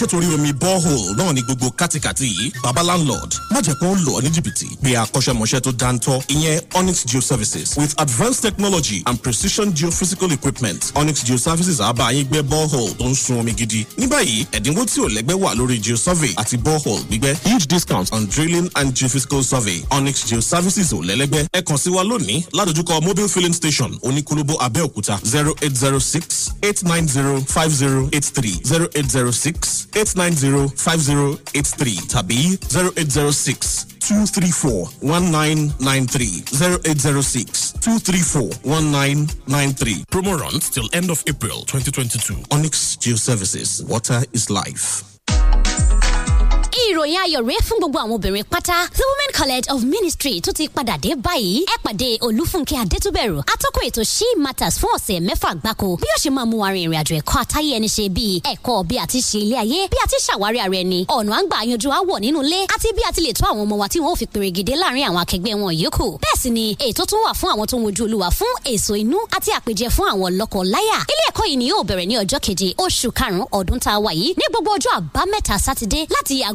ṣètòrí omi borehole náà ni gbogbo kátikàti yìí baba landlord má jẹ́ pé ó lọ ní jìbìtì pé akọ́ṣẹ́mọṣẹ́ tó dáńtọ́ ìyẹn onyx geoservices with advanced technology and precision geophysical equipment onyx geoservices á bá yín gbẹ́ borehole tó ń sun omi gidi ní báyìí ẹ̀dínwó tí ò lẹ́gbẹ́ wà lórí geosurvey àti borehole gbígbẹ́ huge discount on drilling and geophysical electrical survey onyx geo services ò lẹ́lẹ́gbẹ́ ẹ kàn sí wa lónìí ládojúkọ mobile filling station oníkólóbó abẹ́òkúta zero eight zero six eight nine zero five zero eight three zero eight zero six eight nine zero five zero eight three tàbí zero eight zero six two three four one nine nine three zero eight zero six two three four one nine nine three. Promo runs till end of April 2022. Onyx Geo Services. Water is life ìròyìn ayọ̀ rèé fún gbogbo àwọn obìnrin pátá the women college of ministry tó ti padà dé báyìí ẹ pàdé olúfúnkẹ́ adétúbẹ̀rù atọ́kùn ètò she matters fún ọ̀sẹ̀ mẹ́fà gbáko bí ó ṣe máa mú wa rin ìrìnàjò ẹ̀kọ́ àtayé ẹni ṣe bíi ẹ̀kọ́ bí a ti ṣe ilé ayé bí a ti ṣàwárí ara ẹni ọ̀nà àgbà àyànjú àwọ̀ nínú ilé àti bí a ti lè tó àwọn ọmọ wa tí wọn ò fi pèrègìdè láàrin àwọn akẹgbẹ́ wọn yòókù bẹ́ẹ̀ sì ni ètò tún wà fún àwọn tó ń wojú olúwa fún èso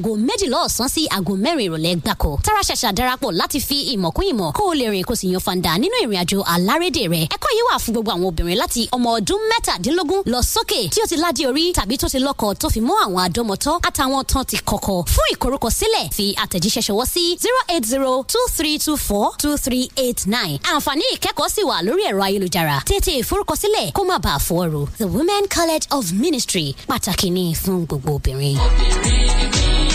aago méjìlá ọ̀sán sí aago mẹ́rin ìrọ̀lẹ́ gbáko tara ṣàṣà darapọ̀ láti fi ìmọ̀ kún ìmọ̀ kó o lè rìn kó o sì yan fanda nínú ìrìn àjò alárédè rẹ ẹ̀kọ́ yìí wà fún gbogbo àwọn obìnrin láti ọmọ ọdún mẹ́tàdínlógún lọ sókè tí ó ti ládé orí tàbí tó ti lọ́kọ tó fi mọ́ àwọn àdọ́mọtọ́ àtàwọn tán ti kọ́kọ́ fún ìkorúkọsílẹ̀ fi àtẹ̀jíṣẹ́ ṣọwọ́ sí zero eight zero two three two four two three eight nine àǹfààní ìkẹ́kọ̀ọ́ sì wà lórí ẹ̀rọ ayélujára tètè ìforúkọsílẹ̀ kó má bàa fọ́ọ̀rù the women college of ministry pàtàkì ní fún gbogbo obìnrin. obìnrin ni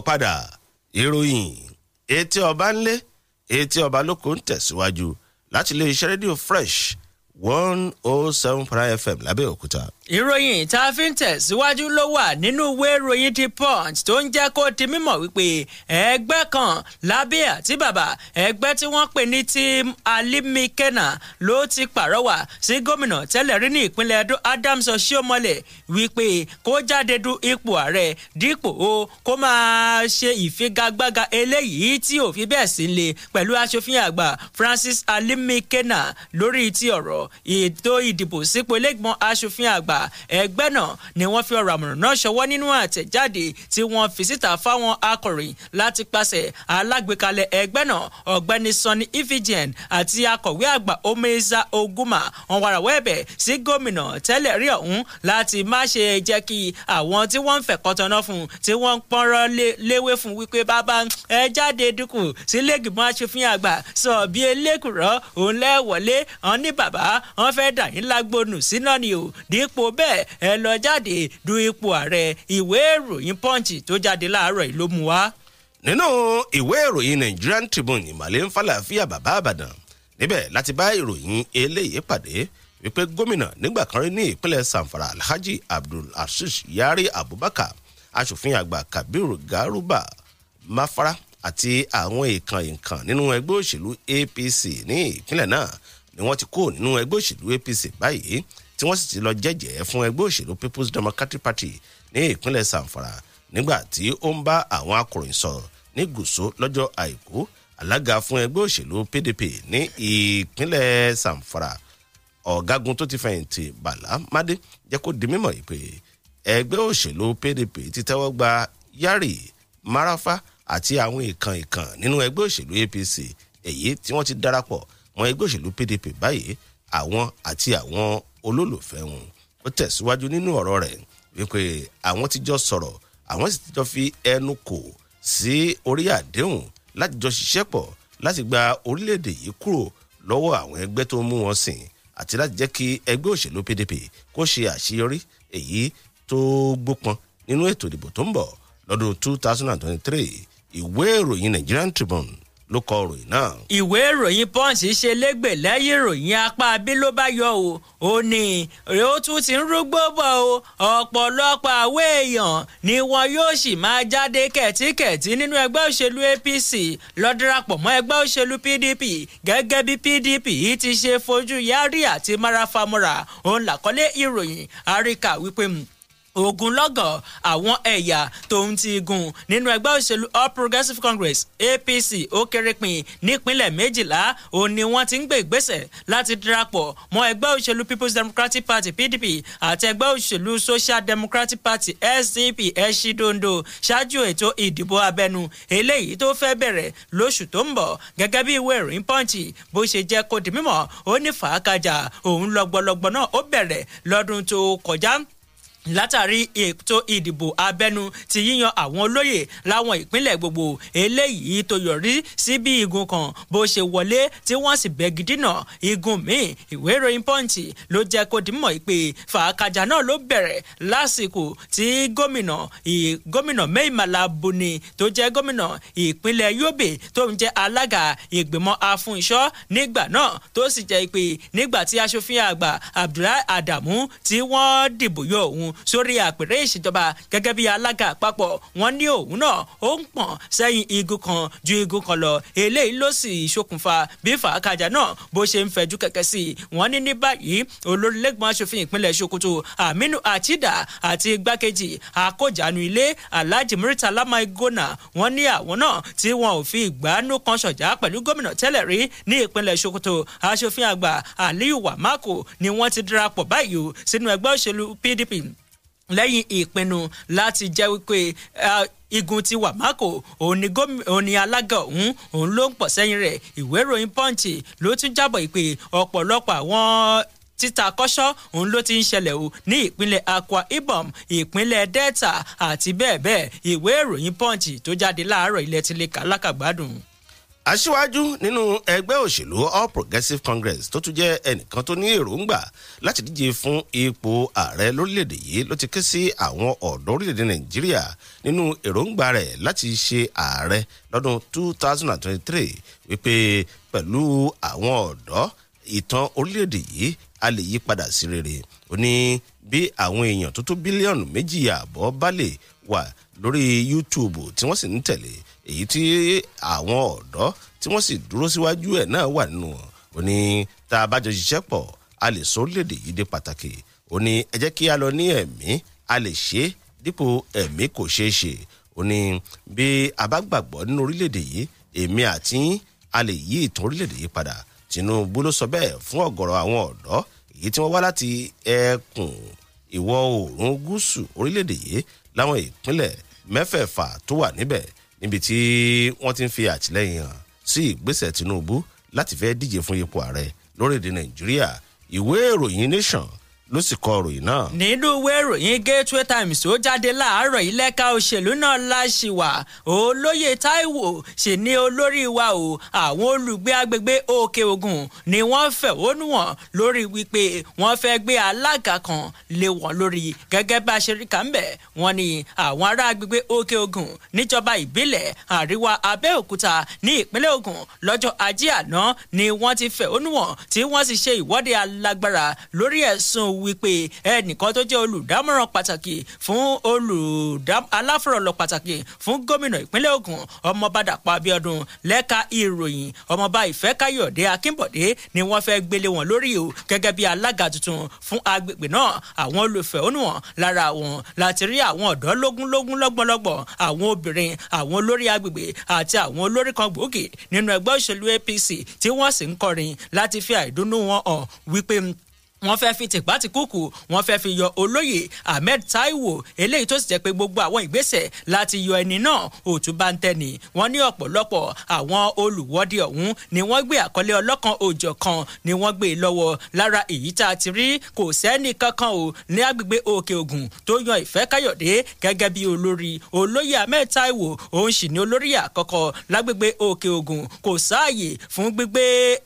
káàbọ̀ padà ìròyìn etí ọba ńlé etí ọba lóko ń tẹ̀síwájú láti ilé iṣẹ́ rédíò fresh one oh seven prime fm lábẹ́òkúta ìròyìn tá a fi ń tẹ̀síwájú ló wà nínú ìwé ìròyìn The Punch tó ń jẹ́ kó di mímọ̀ wípé ẹgbẹ́ kan lábẹ́ àti bàbá ẹgbẹ́ tí wọ́n pè ní Team Alimikena ló ti pàrọwà sí gómìnà tẹ́lẹ̀ rí ní ìpínlẹ̀ Ẹdó Adams Oshiomhole wípé kó jáde du ipò ààrẹ dípò o kó máa ṣe ìfigagbága eléyìí tí ò fi bẹ́ẹ̀ sí le pẹ̀lú aṣòfin àgbà Francis Alimikena lórí ti ọ̀rọ̀ ètò ìdìbò sípò lẹ́gbọ̀n àgbà ẹgbẹ́ náà ni wọ́n fi ọ̀rọ̀ àmọ̀ràn náà ṣọwọ́ nínú àtẹ̀jáde tí wọ́n fi síta fáwọn akọ̀ròyìn láti pàṣẹ alágbèkalẹ̀ ẹgbẹ́ náà ọ̀gbẹ́ni Sunny Ifigene àti akọ̀wé àgbà Omeza Oguma wọ́n warawọ́ ẹ̀bẹ̀ sí gómìnà tẹ́lẹ̀ rí ọ̀hún láti má ṣe jẹ́ kí àwọn tí wọ́n ń fẹ̀kọ́tọ̀nà fún tí wọ́n ń pọ́nrọ́ léwé fún wípé bàbá ẹ jáde dúkù sílé ìgbìmọ̀ aṣòfin àgbà sọ bí elékùrọ́ òun lẹ́wọ̀lé wọn ní bàbá wọn fẹ́ dà yín lágbónú síná ni ò dípò dípò bẹ́ẹ̀ ẹ lọ jáde du ipò ààrẹ ìwé ìròyìn punch tó jáde láàárọ̀ yìí ló mú wá. nínú ìwé ìròyìn Nigerian Tribune ìmàlẹ́ ń falàfíà bàbá àbàdàn níbẹ̀ láti bá ìròyìn eléyìí pàdé wípé gómìnà nígbà kan rí ní ìpínlẹ̀ Zamfara Alhaji Abdulrasheed Yari Abubakar aṣòfin àgbà Kabiru Garuba Mafara àti àwọn ìkan ìkan nínú ẹgbẹ́ òṣèlú APC ní ìpínlẹ̀ náà ni wọ́n ti kó nínú ẹgbẹ́ òṣèlú APC báyìí tí wọ́n sì ti lọ jẹ́jẹ́ fún ẹgbẹ́ òṣèlú People's Democratic Party ní ìpínlẹ̀ Zamfara nígbà tí ó ń bá àwọn akọ̀ròyìn sọ̀rọ̀ ní gùsọ lọ́jọ́ àìkú alága fún ẹgbẹ́ òṣèlú PDP ní ìpínlẹ̀ Zamfara ọ̀gágun tó ti fẹ̀yìntì Bàlá Mádé jẹ́ kó di mímọ̀ pé ẹgbẹ́ òṣèlú PDP ti tẹ́wọ́ gba Yari Marafa àti àwọn ìkan ìkan nínú ẹgbẹ́ òṣèlú APC èyí tí wọ́n ti darapọ̀ mọ́ ẹgbẹ́ òṣèlú PDP báyìí àwọn àti àwọn olólùfẹ́ wọn ó tẹ̀síwájú nínú ọ̀rọ̀ rẹ̀ wípé àwọn ti jọ sọ̀rọ̀ àwọn sì ti jọ fi ẹnu kò sí orí àdéhùn láti jọ ṣiṣẹ́ pọ̀ láti gba orílẹ̀-èdè yìí kúrò lọ́wọ́ àwọn ẹgbẹ́ tó mú wọn sìn àti láti jẹ́ kí ẹgbẹ́ òṣèlú PDP kó ṣe àṣeyọrí èyí tó gbópọn nínú ètò ìdìbò tó ń bọ̀ lọ́dún 2023 ìwé ìròyìn Nigerian Tribune ló kọ ìròyìn náà. ìwé ìròyìn pọ́ǹsì ṣe lẹ́gbẹ̀ lẹ́yìn ìròyìn apá bí ló bá yọ o ò ní ó tún ti ń rúgbó bọ̀ o ọ̀pọ̀lọpọ̀ àwọn èèyàn ni wọn yóò sì máa jáde kẹ̀tíkẹ̀tí nínú ẹgbẹ́ òṣèlú APC lọ darapọ̀ mọ́ ẹgbẹ́ òṣèlú PDP gẹ́gẹ́ bí PDP yìí ti ṣe fojú yárí àti márafamọ́ra òun làkọ́lé ìròyìn àríkà wípé mu hmm, ogunlọ́gọ̀ àwọn ẹ̀yà tòun ti gùn nínú ẹgbẹ́ òṣèlú all progressives congress apc ó kéré pin nípínlẹ̀ méjìlá òun ni wọ́n ti ń gbé ìgbésẹ̀ láti darapọ̀ mọ́ ẹgbẹ́ òṣèlú people's democratic party pdp àti ẹgbẹ́ òṣèlú social democratic party sdp ẹ̀ṣídóńdó ṣáájú ètò ìdìbò abẹ́nú eléyìí tó fẹ́ bẹ̀rẹ̀ lóṣù tó ń bọ̀ gẹ́gẹ́ bí ìwé ìròyìn punch bó ṣe jẹ́ kó di mímọ̀ ó ní fàákàjà òun lọ́gbọ̀lọ́gbọ̀ náà ó bẹ̀rẹ̀ lọ́dún tó kọjá látàrí ètò ìdìbò abẹ́nú ti yíyan àwọn olóyè láwọn ìpínlẹ̀ gbogbo eléyìí tó yọrí sí bí igun kan bó ṣe wọlé tí wọ́n sì bẹ́gi dínà igun míì ìwé ìròyìn Punch ló jẹ́ kó dìmọ̀ pé fàákàjà náà ló bẹ̀rẹ̀ lásìkò tí gómìnà gómìnà Mai Buni tó jẹ́ gómìnà ìpínlẹ̀ Yobe tó ń jẹ́ alága ìgbìmọ̀ afúnṣọ́ nígbà náà tó sì jẹ́ pé nígbà tí aṣòfin àgbà Abdullahi Adamu tí wọ́n dìbò yọ òun sórí àpèrè ìṣèjọba gẹ́gẹ́ bí alága àpapọ̀ wọn ní òun náà ó ń pọ̀n sẹ́yìn igun kan ju igun kan lọ eléyìí ló sì ṣokùnfà bí fàákàjà náà bó ṣe ń fẹjú kẹ̀kẹ́ sí i wọ́n ní ní báyìí olórí lẹ́gbọ̀n aṣòfin ìpínlẹ̀ Sokoto Aminu Atida àti igbákejì akójànú ilé Alhaji Muritala Maigona wọ́n ní àwọn náà tí wọn ò fi ìgbàanú kan ṣọ̀já pẹ̀lú gómìnà tẹ́lẹ̀ rí ní ìpínlẹ̀ Sokoto aṣòfin àgbà Aliyu Wamako ni wọ́n ti darapọ̀ báyìí sínú ẹgbẹ́ òṣèlú PDP lẹ́yìn ìpinnu láti jẹ́ wípé igun ti wà mákò òun ni òun ni alága òun òun ló ń pọ̀ sẹ́yìn rẹ̀ ìwé ìròyìn punch ló tún jábọ̀ ìpè ọ̀pọ̀lọpọ̀ àwọn títa kọ́ṣọ́ òun ló ti ń ṣẹlẹ̀ o ní ìpínlẹ̀ akwa ibom ìpínlẹ̀ delta àti bẹ́ẹ̀ bẹ́ẹ̀ ìwé ìròyìn punch tó jáde láàárọ̀ ilẹ̀ ti lè kà lákàgbádùn aṣíwájú nínú ẹgbẹ́ òṣèlú all progressive congress tó tún jẹ́ ẹnìkan tó ní èròǹgbà láti díje fún ipò ààrẹ lórílẹ̀‐èdè yìí ló ti ké sí àwọn ọ̀dọ́ orílẹ̀‐èdè nàìjíríà nínú èròǹgbà rẹ̀ láti ṣe ààrẹ lọ́dún 2023 wípé pẹ̀lú àwọn ọ̀dọ́ ìtàn orílẹ̀‐èdè yìí a lè yí padà sí rere ó ní bí àwọn èèyàn tó tó bílíọ̀nù méjì ààbọ̀ bá lè wà lórí youtube tí wọ́n sì ń tẹ̀lé èyí tí àwọn ọ̀dọ́ tí wọ́n sì dúró síwájú ẹ̀ náà wà nínú wọn ó ní tá a bá jọ ṣiṣẹ́ pọ̀ a lè sọ lédè yìí dé pàtàkì ó ní ẹ jẹ́ kí a lọ ní ẹ̀mí a lè ṣe é dípò ẹ̀mí kò ṣeé ṣe ó ní bí a bá gbàgbọ́ nínú orílẹ̀-èdè yìí èmi àti a lè yí ìtàn orílẹ̀-èdè yìí padà Tinubu ló sọ bẹ́ẹ̀ fún ọ̀gọ̀rọ̀ àwọn ọ̀dọ́ èyí tí wọ́n wá láti ẹkùn ìwọ̀ oòrùn gúúsù orílẹ̀-èdè yìí láwọn ìpínlẹ̀ mẹ́fẹ̀ẹ̀fà tó wà níbẹ̀ níbi tí wọ́n ti ń fi àtìlẹ́yìn hàn sí ìgbésẹ̀ Tinubu láti fẹ́ díje fún ipò ààrẹ lórílẹ̀‐èdè Nàìjíríà ìwé ìròyìn Nation ló sì kọ ròyìn náà. nínú ìwé ìròyìn Gateway Times ó jáde láàárọ̀ yìí lẹ́ka òṣèlú náà láṣìwà olóyè Táíwò sì ni olórí wa o àwọn olùgbé agbègbè Òkè Ògùn ni wọ́n fẹ̀hónú wọn lórí wípé wọ́n fẹ́ gbé alága kan lé wọn lórí gẹ́gẹ́ bá a ṣe rí kà ń bẹ̀ wọ́n ní àwọn ará agbègbè Òkè Ògùn níjọba ìbílẹ̀ àríwá Abẹ́òkúta ní ìpínlẹ̀ Ògùn lọ́jọ́ ajé àná ni wọ́n ti fẹ̀hónú wọn tí wọ́n sì ṣe ìwọ́de alágbára lórí ẹ̀sùn wípé ẹnìkan tó jẹ́ olùdámọ̀ràn pàtàkì fún aláfọ̀rọ̀lọ̀ pàtàkì fún gómìnà ìpínlẹ̀ Ògùn ọmọọba Dàpọ̀ Abíọ́dún lẹ́ka ìròyìn ọmọọba Ìfẹ́káyọ̀dé Akínbọ̀dé ni wọ́n fẹ́ gbélé wọn lórí o gẹ́gẹ́ bí alága tuntun fún agbègbè náà àwọn olùfẹ̀hónú wọn lára wọn láti rí àwọn ọ̀dọ́ lógúnlógún lọ́gbọ̀nlọ́gbọ̀n àwọn obìnrin àwọn olórí agbègbè àti àwọn olórí kan gbòógì nínú ẹgbẹ́ òṣèlú APC tí wọ́n sì ń kọrin láti fi àìdùnnú wọn hàn wípé wọ́n fẹ́ fi tìpátìkúkù wọ́n fẹ́ fi yọ olóyè ahmed taiwo eléyìí tó sì jẹ́ pé gbogbo àwọn ìgbésẹ̀ láti yọ ẹni náà òtún bá ń tẹ̀nì wọ́n ní ọ̀pọ̀lọpọ̀ àwọn olùwọ́de ọ̀hún ni wọ́n gbé àkọlé ọlọ́kan òòjọ̀ kan ni wọ́n gbé e lọ́wọ́ lára èyí tá a ti rí kò sẹ́ni kankan o ní agbègbè òkè ògùn tó yan ìfẹ́ káyọ̀dé gẹ́gẹ́ bí olórí olóyè ahmed taiwo òun sì ni olórí àkọ́kọ́ lágbègbè òkè ògùn kò sáàyè fún gbígbé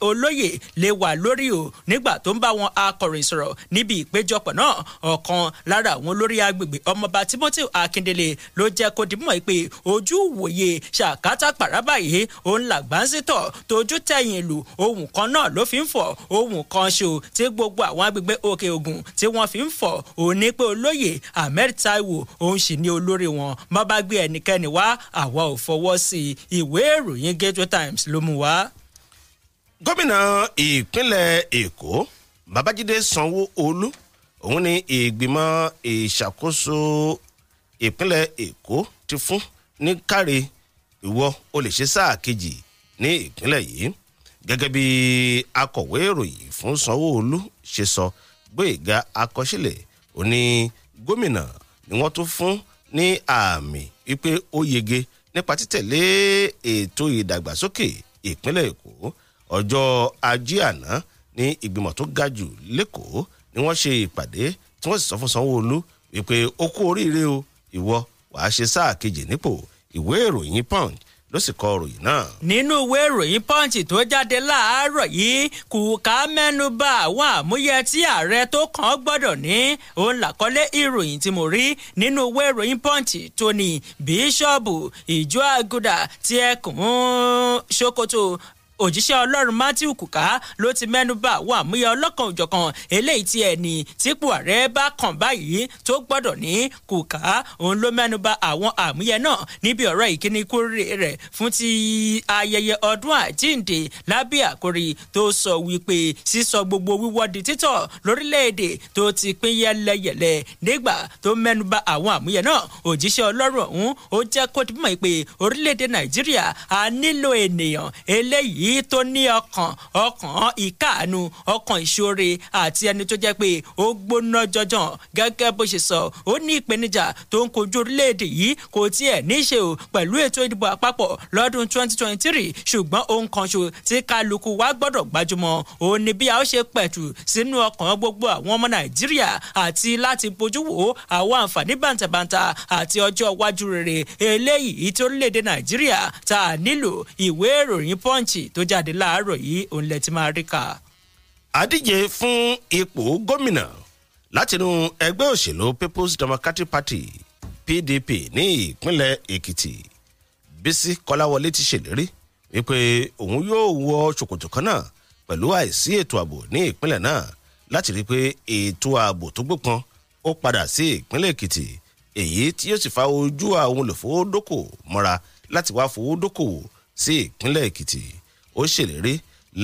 olóyè lè wà lórí o nígbà tó ń bá wọn akọ akọ̀ròyìn sọ̀rọ̀ níbi ìpéjọpọ̀ náà ọ̀kan lára àwọn olórí agbègbè ọmọọba timothy akindele ló jẹ́ kó di mọ̀ pé ojú wòye ṣàkátà pàrábà yìí òun làgbánsítọ̀ tójú tẹ̀yìn lù ohun kan náà ló fi ń fọ̀ ohun kan ṣo tí gbogbo àwọn agbègbè òkè ògùn tí wọ́n fi ń fọ̀ òun ní pé olóyè ahmed taiwo òun sì ní olórí wọn má bá gbé ẹnikẹ́ni wá àwa ò fọwọ́ sí ìwé ìròyìn Gẹ́jọ́ Times ló mú wá. gómìnà ìpínlẹ̀ èkó babájídé sanwó-olú òun ni ìgbìmọ̀ ìṣàkóso ìpínlẹ̀ èkó ti fún ní káre ìwọ o lè ṣe sáà kejì ní ìpínlẹ̀ yìí gẹ́gẹ́ bí akọ̀wé ìròyìn fún sanwó-olú ṣe sọ gbóyèga akọsílẹ̀ ó ní gómìnà ni wọ́n tún fún ní àmì wípé ó yege nípa títẹ̀lé ètò ìdàgbàsókè ìpínlẹ̀ èkó ọjọ́ ajé àná ní ìgbìmọ̀ tó ga jù lẹ́kọ̀ọ́ ni wọ́n ṣe ìpàdé tí wọ́n sì sọ fún sanwó-olú wípé ó kú oríire o ìwọ wàá ṣe sáà kejì nípò ìwé ìròyìn punch ló sì kọ ròyìn náà. nínú ìwé ìròyìn pọ́ǹtì tó jáde láàárọ̀ yìí kùkà mẹ́nubà àwọn àmúyẹ tí ààrẹ tó kàn gbọ́dọ̀ ní òun làkọ́lé ìròyìn tí mo rí nínú ìwé ìròyìn pọ́ǹtì tó ní bíṣọ́ọ̀bù ìjọ àgùdà ti ẹkùn Sokoto òjíṣẹ́ ọlọ́run matthew kuka ló ti mẹ́nubà àwọn àmúyẹ ọlọ́kan òjọ̀kan eléyìí tí ẹni típò ààrẹ bá kàn báyìí tó gbọ́dọ̀ ní kuka òun ló mẹ́nubà àwọn àmúyẹ náà níbi ọ̀rọ̀ ìkíni kúrè rẹ̀ fún ti ayẹyẹ ọdún àjíǹde lábẹ́ àkórí tó sọ wípé sísọ gbogbo wíwọ́ di títọ̀ lórílẹ̀‐èdè tó ti pín yẹlẹyẹlẹ nígbà tó mẹ́nubà àwọn àmúyẹ náà òjíṣẹ́ ọlọ́run ọ̀hún ó jẹ́ kó ti èyí tó ní ọkàn ọkàn ìkáàánú ọkàn ìṣoore àti ẹni tó jẹ́ pé ó gbóná jọjàn gẹ́gẹ́ bó ṣe sọ ó ní ìpèníjà tó ń kojú orílẹ̀-èdè yìí kò tiẹ̀ níṣe o pẹ̀lú ètò ìdìbò àpapọ̀ lọ́dún 2023 ṣùgbọ́n ohun kan ṣo tí kálukú wa gbọ́dọ̀ gbajúmọ̀ òun ni bí a ó ṣe pẹ̀tù sínú ọkàn gbogbo àwọn ọmọ Nàìjíríà àti láti bójú wo àwọn àǹfààní bàǹtàbàǹtà àti ọjọ́ iwájú rere eléyìí tí orílẹ̀-èdè Nàìjíríà ta nílò ìwé ìròyìn Punch tó jáde láàárọ̀ yìí òun lẹ ti máa rí kà. àdíje fún ipò gómìnà látinú ẹgbẹ́ òṣèlú people's democratic party pdp ní ìpínlẹ̀ èkìtì bísí kọ́láwọlé ti ṣèlérí wípé òun yóò wọ ṣòkòtò kan náà pẹ̀lú àìsí ètò ààbò ní ìpínlẹ̀ náà láti rí i pé ètò ààbò tó gbópọn ó padà sí ìpínlẹ̀ èkìtì èyí tí yóò sì fa ojú àwọn olùfowódókòwò mọ́ra láti wá fowódókòwò sí ìpínlẹ̀ èkìtì ó ṣèlérí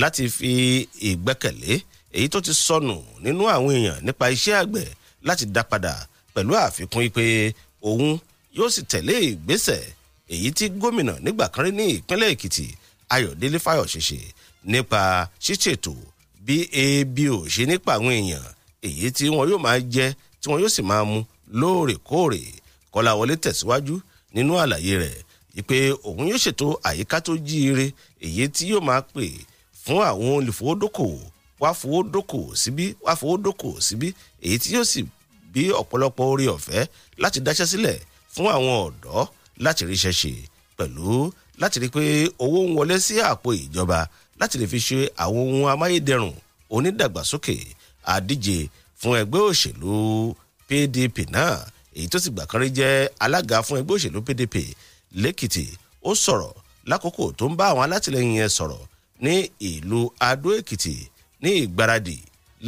láti fi ìgbẹ́kẹ̀lé èyí tó ti sọnù nínú àwọn èèyàn nípa iṣẹ́ àgbẹ̀ láti dá padà pẹ̀lú àfikún pé òun yóò sì tẹ̀lé ìgbésẹ̀ èyí tí gómìnà nígbà kan rí ní ìpínlẹ̀ èkìtì ayọ̀délé fáyọ̀ṣe ṣe nípa ṣíṣètò bí ebi ò ṣe nípa àwọn èèyàn èyí tí wọn yóò máa jẹ tí wọn yóò sì máa mu lóòrèkóòrè kọláwọlé tẹ̀síwájú nínú àlàyé rẹ̀ wípé òun yóò ṣètò àyíká tó jíire èyí tí yóò máa pè fún àwọn olùfowódókòwò wá fowódókòwò síbí wá fowódókòwò síbí èyí tí yóò sì bí ọ̀pọ̀lọpọ̀ oore ọ̀fẹ́ láti dáṣẹ́ sílẹ̀ fún àwọn ọ̀dọ́ láti ríṣẹ́ ṣe pẹ̀lú láti rí pé owó ń wọlé sí àpò ìjọba láti lè fi ṣe àwọn ohun amáyédẹrùn onídàgbàsókè àdíje fún ẹgbẹ́ òṣèlú PDP náà èyí tó sì gbà kan rí jẹ́ alága fún ẹgbẹ́ òṣèlú PDP lẹ́kìtì ó sọ̀rọ̀ lákòókò tó ń bá àwọn alátìlẹyìn yẹn sọ̀rọ̀ ní ìlú adó èkìtì ní ìgbáradì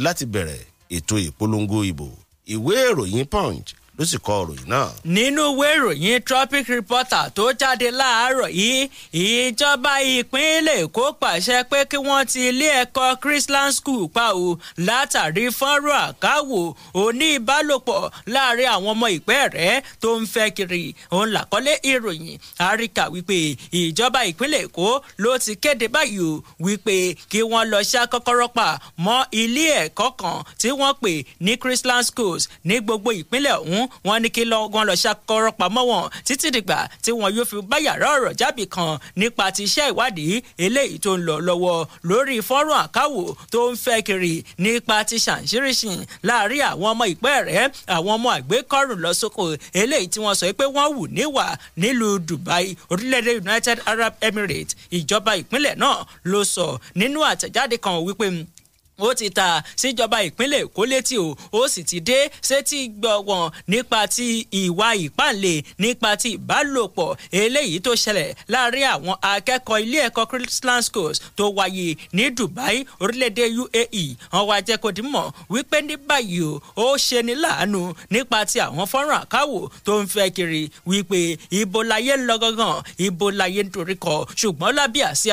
láti bẹ̀rẹ̀ ètò ìpolongo ìbò ìwé ìròyìn punch ló sì kọ ìròyìn náà. nínú ìwé ìròyìn tropic reporter tó jáde láàárọ̀ yìí ìjọba ìpínlẹ̀ èkó pàṣẹ pé kí wọ́n ti ilé ẹ̀kọ́ christian school pa ò látàrí fọ́nrán àkáwò oníbálòpọ̀ láàrin àwọn ọmọ ìpẹ́ẹ̀rẹ́ tó ń fẹ́ kiri òun làkọ́lé ìròyìn àríkà wípé ìjọba ìpínlẹ̀ èkó ló ti kéde báyìí o wípé kí wọ́n lọ ṣá kọ́kọ́rọ́ pa mọ́ ilé ẹ̀kọ́ kan tí wọ́n pè ní christian schools ní gbogbo ìpínlẹ̀ ọ̀hún ọ̀hún wọ́n ní kí wọ́n lọ ṣàkọrọ̀ pamọ́ wọn títí dìgbà tí wọ́n yóò fi báyàrá ọ̀rọ̀ jábì kan nípa ti iṣẹ́ ìwádìí eléyìí tó ń lọ lọ́wọ́ lórí fọ́nrán àkáwò tó ń fẹ́ kiri nípa ti ṣàǹṣìrìṣìn láàrin àwọn ọmọ ìpẹ́ẹ̀rẹ́ àwọn ọmọ àgbékọ́rùn lọ sóko eléyìí tí wọ́n sọ pé wọ́n wù níwà nílùú Dubai orílẹ̀-èdè United Arab Emirates ìjọba ìpínlẹ̀ náà ló sọ nínú àtẹ̀jáde kan wípé ó ti ta síjọba ìpínlẹ̀ èkó létí o ó sì ti dé sétí gbọ̀wọ̀n nípa ti ìwà ìpàlè nípa ti ìbálòpọ̀ eléyìí tó ṣẹlẹ̀ láàrin àwọn akẹ́kọ̀ọ́ ilé ẹ̀kọ́ Christian schools tó wáyé ní Dubai orílẹ̀-èdè UAE wọn wá jẹ́ kó dìmọ̀ wípé ní báyìí o ó ṣe ní láàánú nípa ti àwọn fọ́nrán àkáwò tó ń fẹ́ kiri wípé ibo láyé ń lọ gangan ibo láyé ń torí kọ ṣùgbọ́n lábíà sí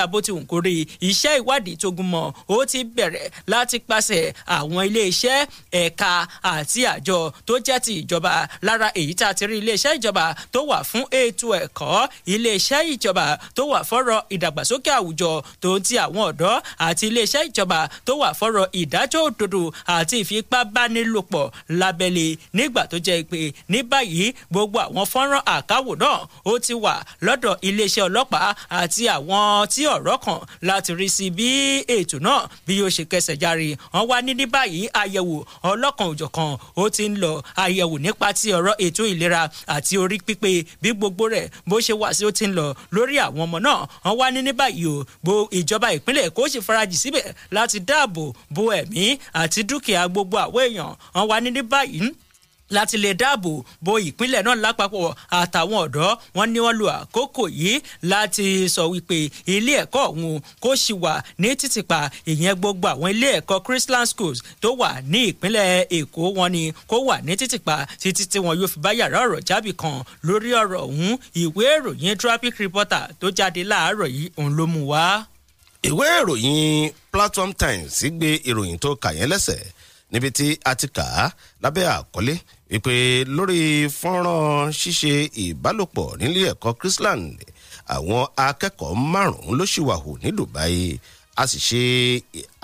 láti pàṣẹ àwọn iléeṣẹ́ ẹ̀ka àti àjọ tó jẹ́ ti ìjọba lára èyí tá a ti rí iléeṣẹ́ ìjọba tó wà fún ètò ẹ̀kọ́ iléeṣẹ́ ìjọba tó wà fọ́rọ̀ ìdàgbàsókè àwùjọ tó ń ti àwọn ọ̀dọ́ àti iléeṣẹ́ ìjọba tó wà fọ́rọ̀ ìdájọ́ òdodo àti ìfipábánilòpọ̀ lábẹ́lé nígbà tó jẹ́ pé ní báyìí gbogbo àwọn fọ́nrán àkáwò náà ó ti wà lọ́dọ̀ iléeṣẹ́ ọlọ́pàá àti àwọn tí ọ̀rọ̀ kàn láti rí sí bí ètò náà bí yóò ṣe kẹsẹ̀ já jàre wọn wá ní ní báyìí àyẹ̀wò ọlọ́kan òjọ̀kan ó ti ń lọ àyẹ̀wò nípa ti ọ̀rọ̀ ètò ìlera àti orí pípé bí gbogbo rẹ̀ bó ṣe wà sí ó ti ń lọ lórí àwọn ọmọ náà wọn wá ní ní báyìí o bo ìjọba ìpínlẹ̀ Èkó ṣe farajì síbẹ̀ láti dáàbò bo ẹ̀mí àti dúkìá gbogbo àwọn èèyàn wọn wá ní ní báyìí láti lè dáàbò bo ìpínlẹ̀ náà lápapọ̀ àtàwọn ọ̀dọ́ wọn ni wọ́n lo àkókò yìí láti sọ wípé ilé ẹ̀kọ́ ọ̀hún kò sì wà ní títìpa ìyẹn gbogbo àwọn ilé ẹ̀kọ́ Christian schools tó wà ní ìpínlẹ̀ Èkó wọn ni kó wà ní títìpa títí tí wọn yóò fi bá yàrá ọ̀rọ̀ jábì kan lórí ọ̀rọ̀ ọ̀hún ìwé ìròyìn traffic reporter tó jáde láàárọ̀ yìí òun ló mú wá. ìwé ìròyìn Platform Times gbé ìròyìn tó kà yẹn lẹ́sẹ̀ẹ́ níbi tí a ti kà á lábẹ́ àkọlé wípé lórí fọ́nrán ṣíṣe ìbálòpọ̀ nílé ẹ̀kọ́ Chrisland àwọn akẹ́kọ̀ọ́ márùn-ún ló ṣìwàhù ní Dubai a sì ṣe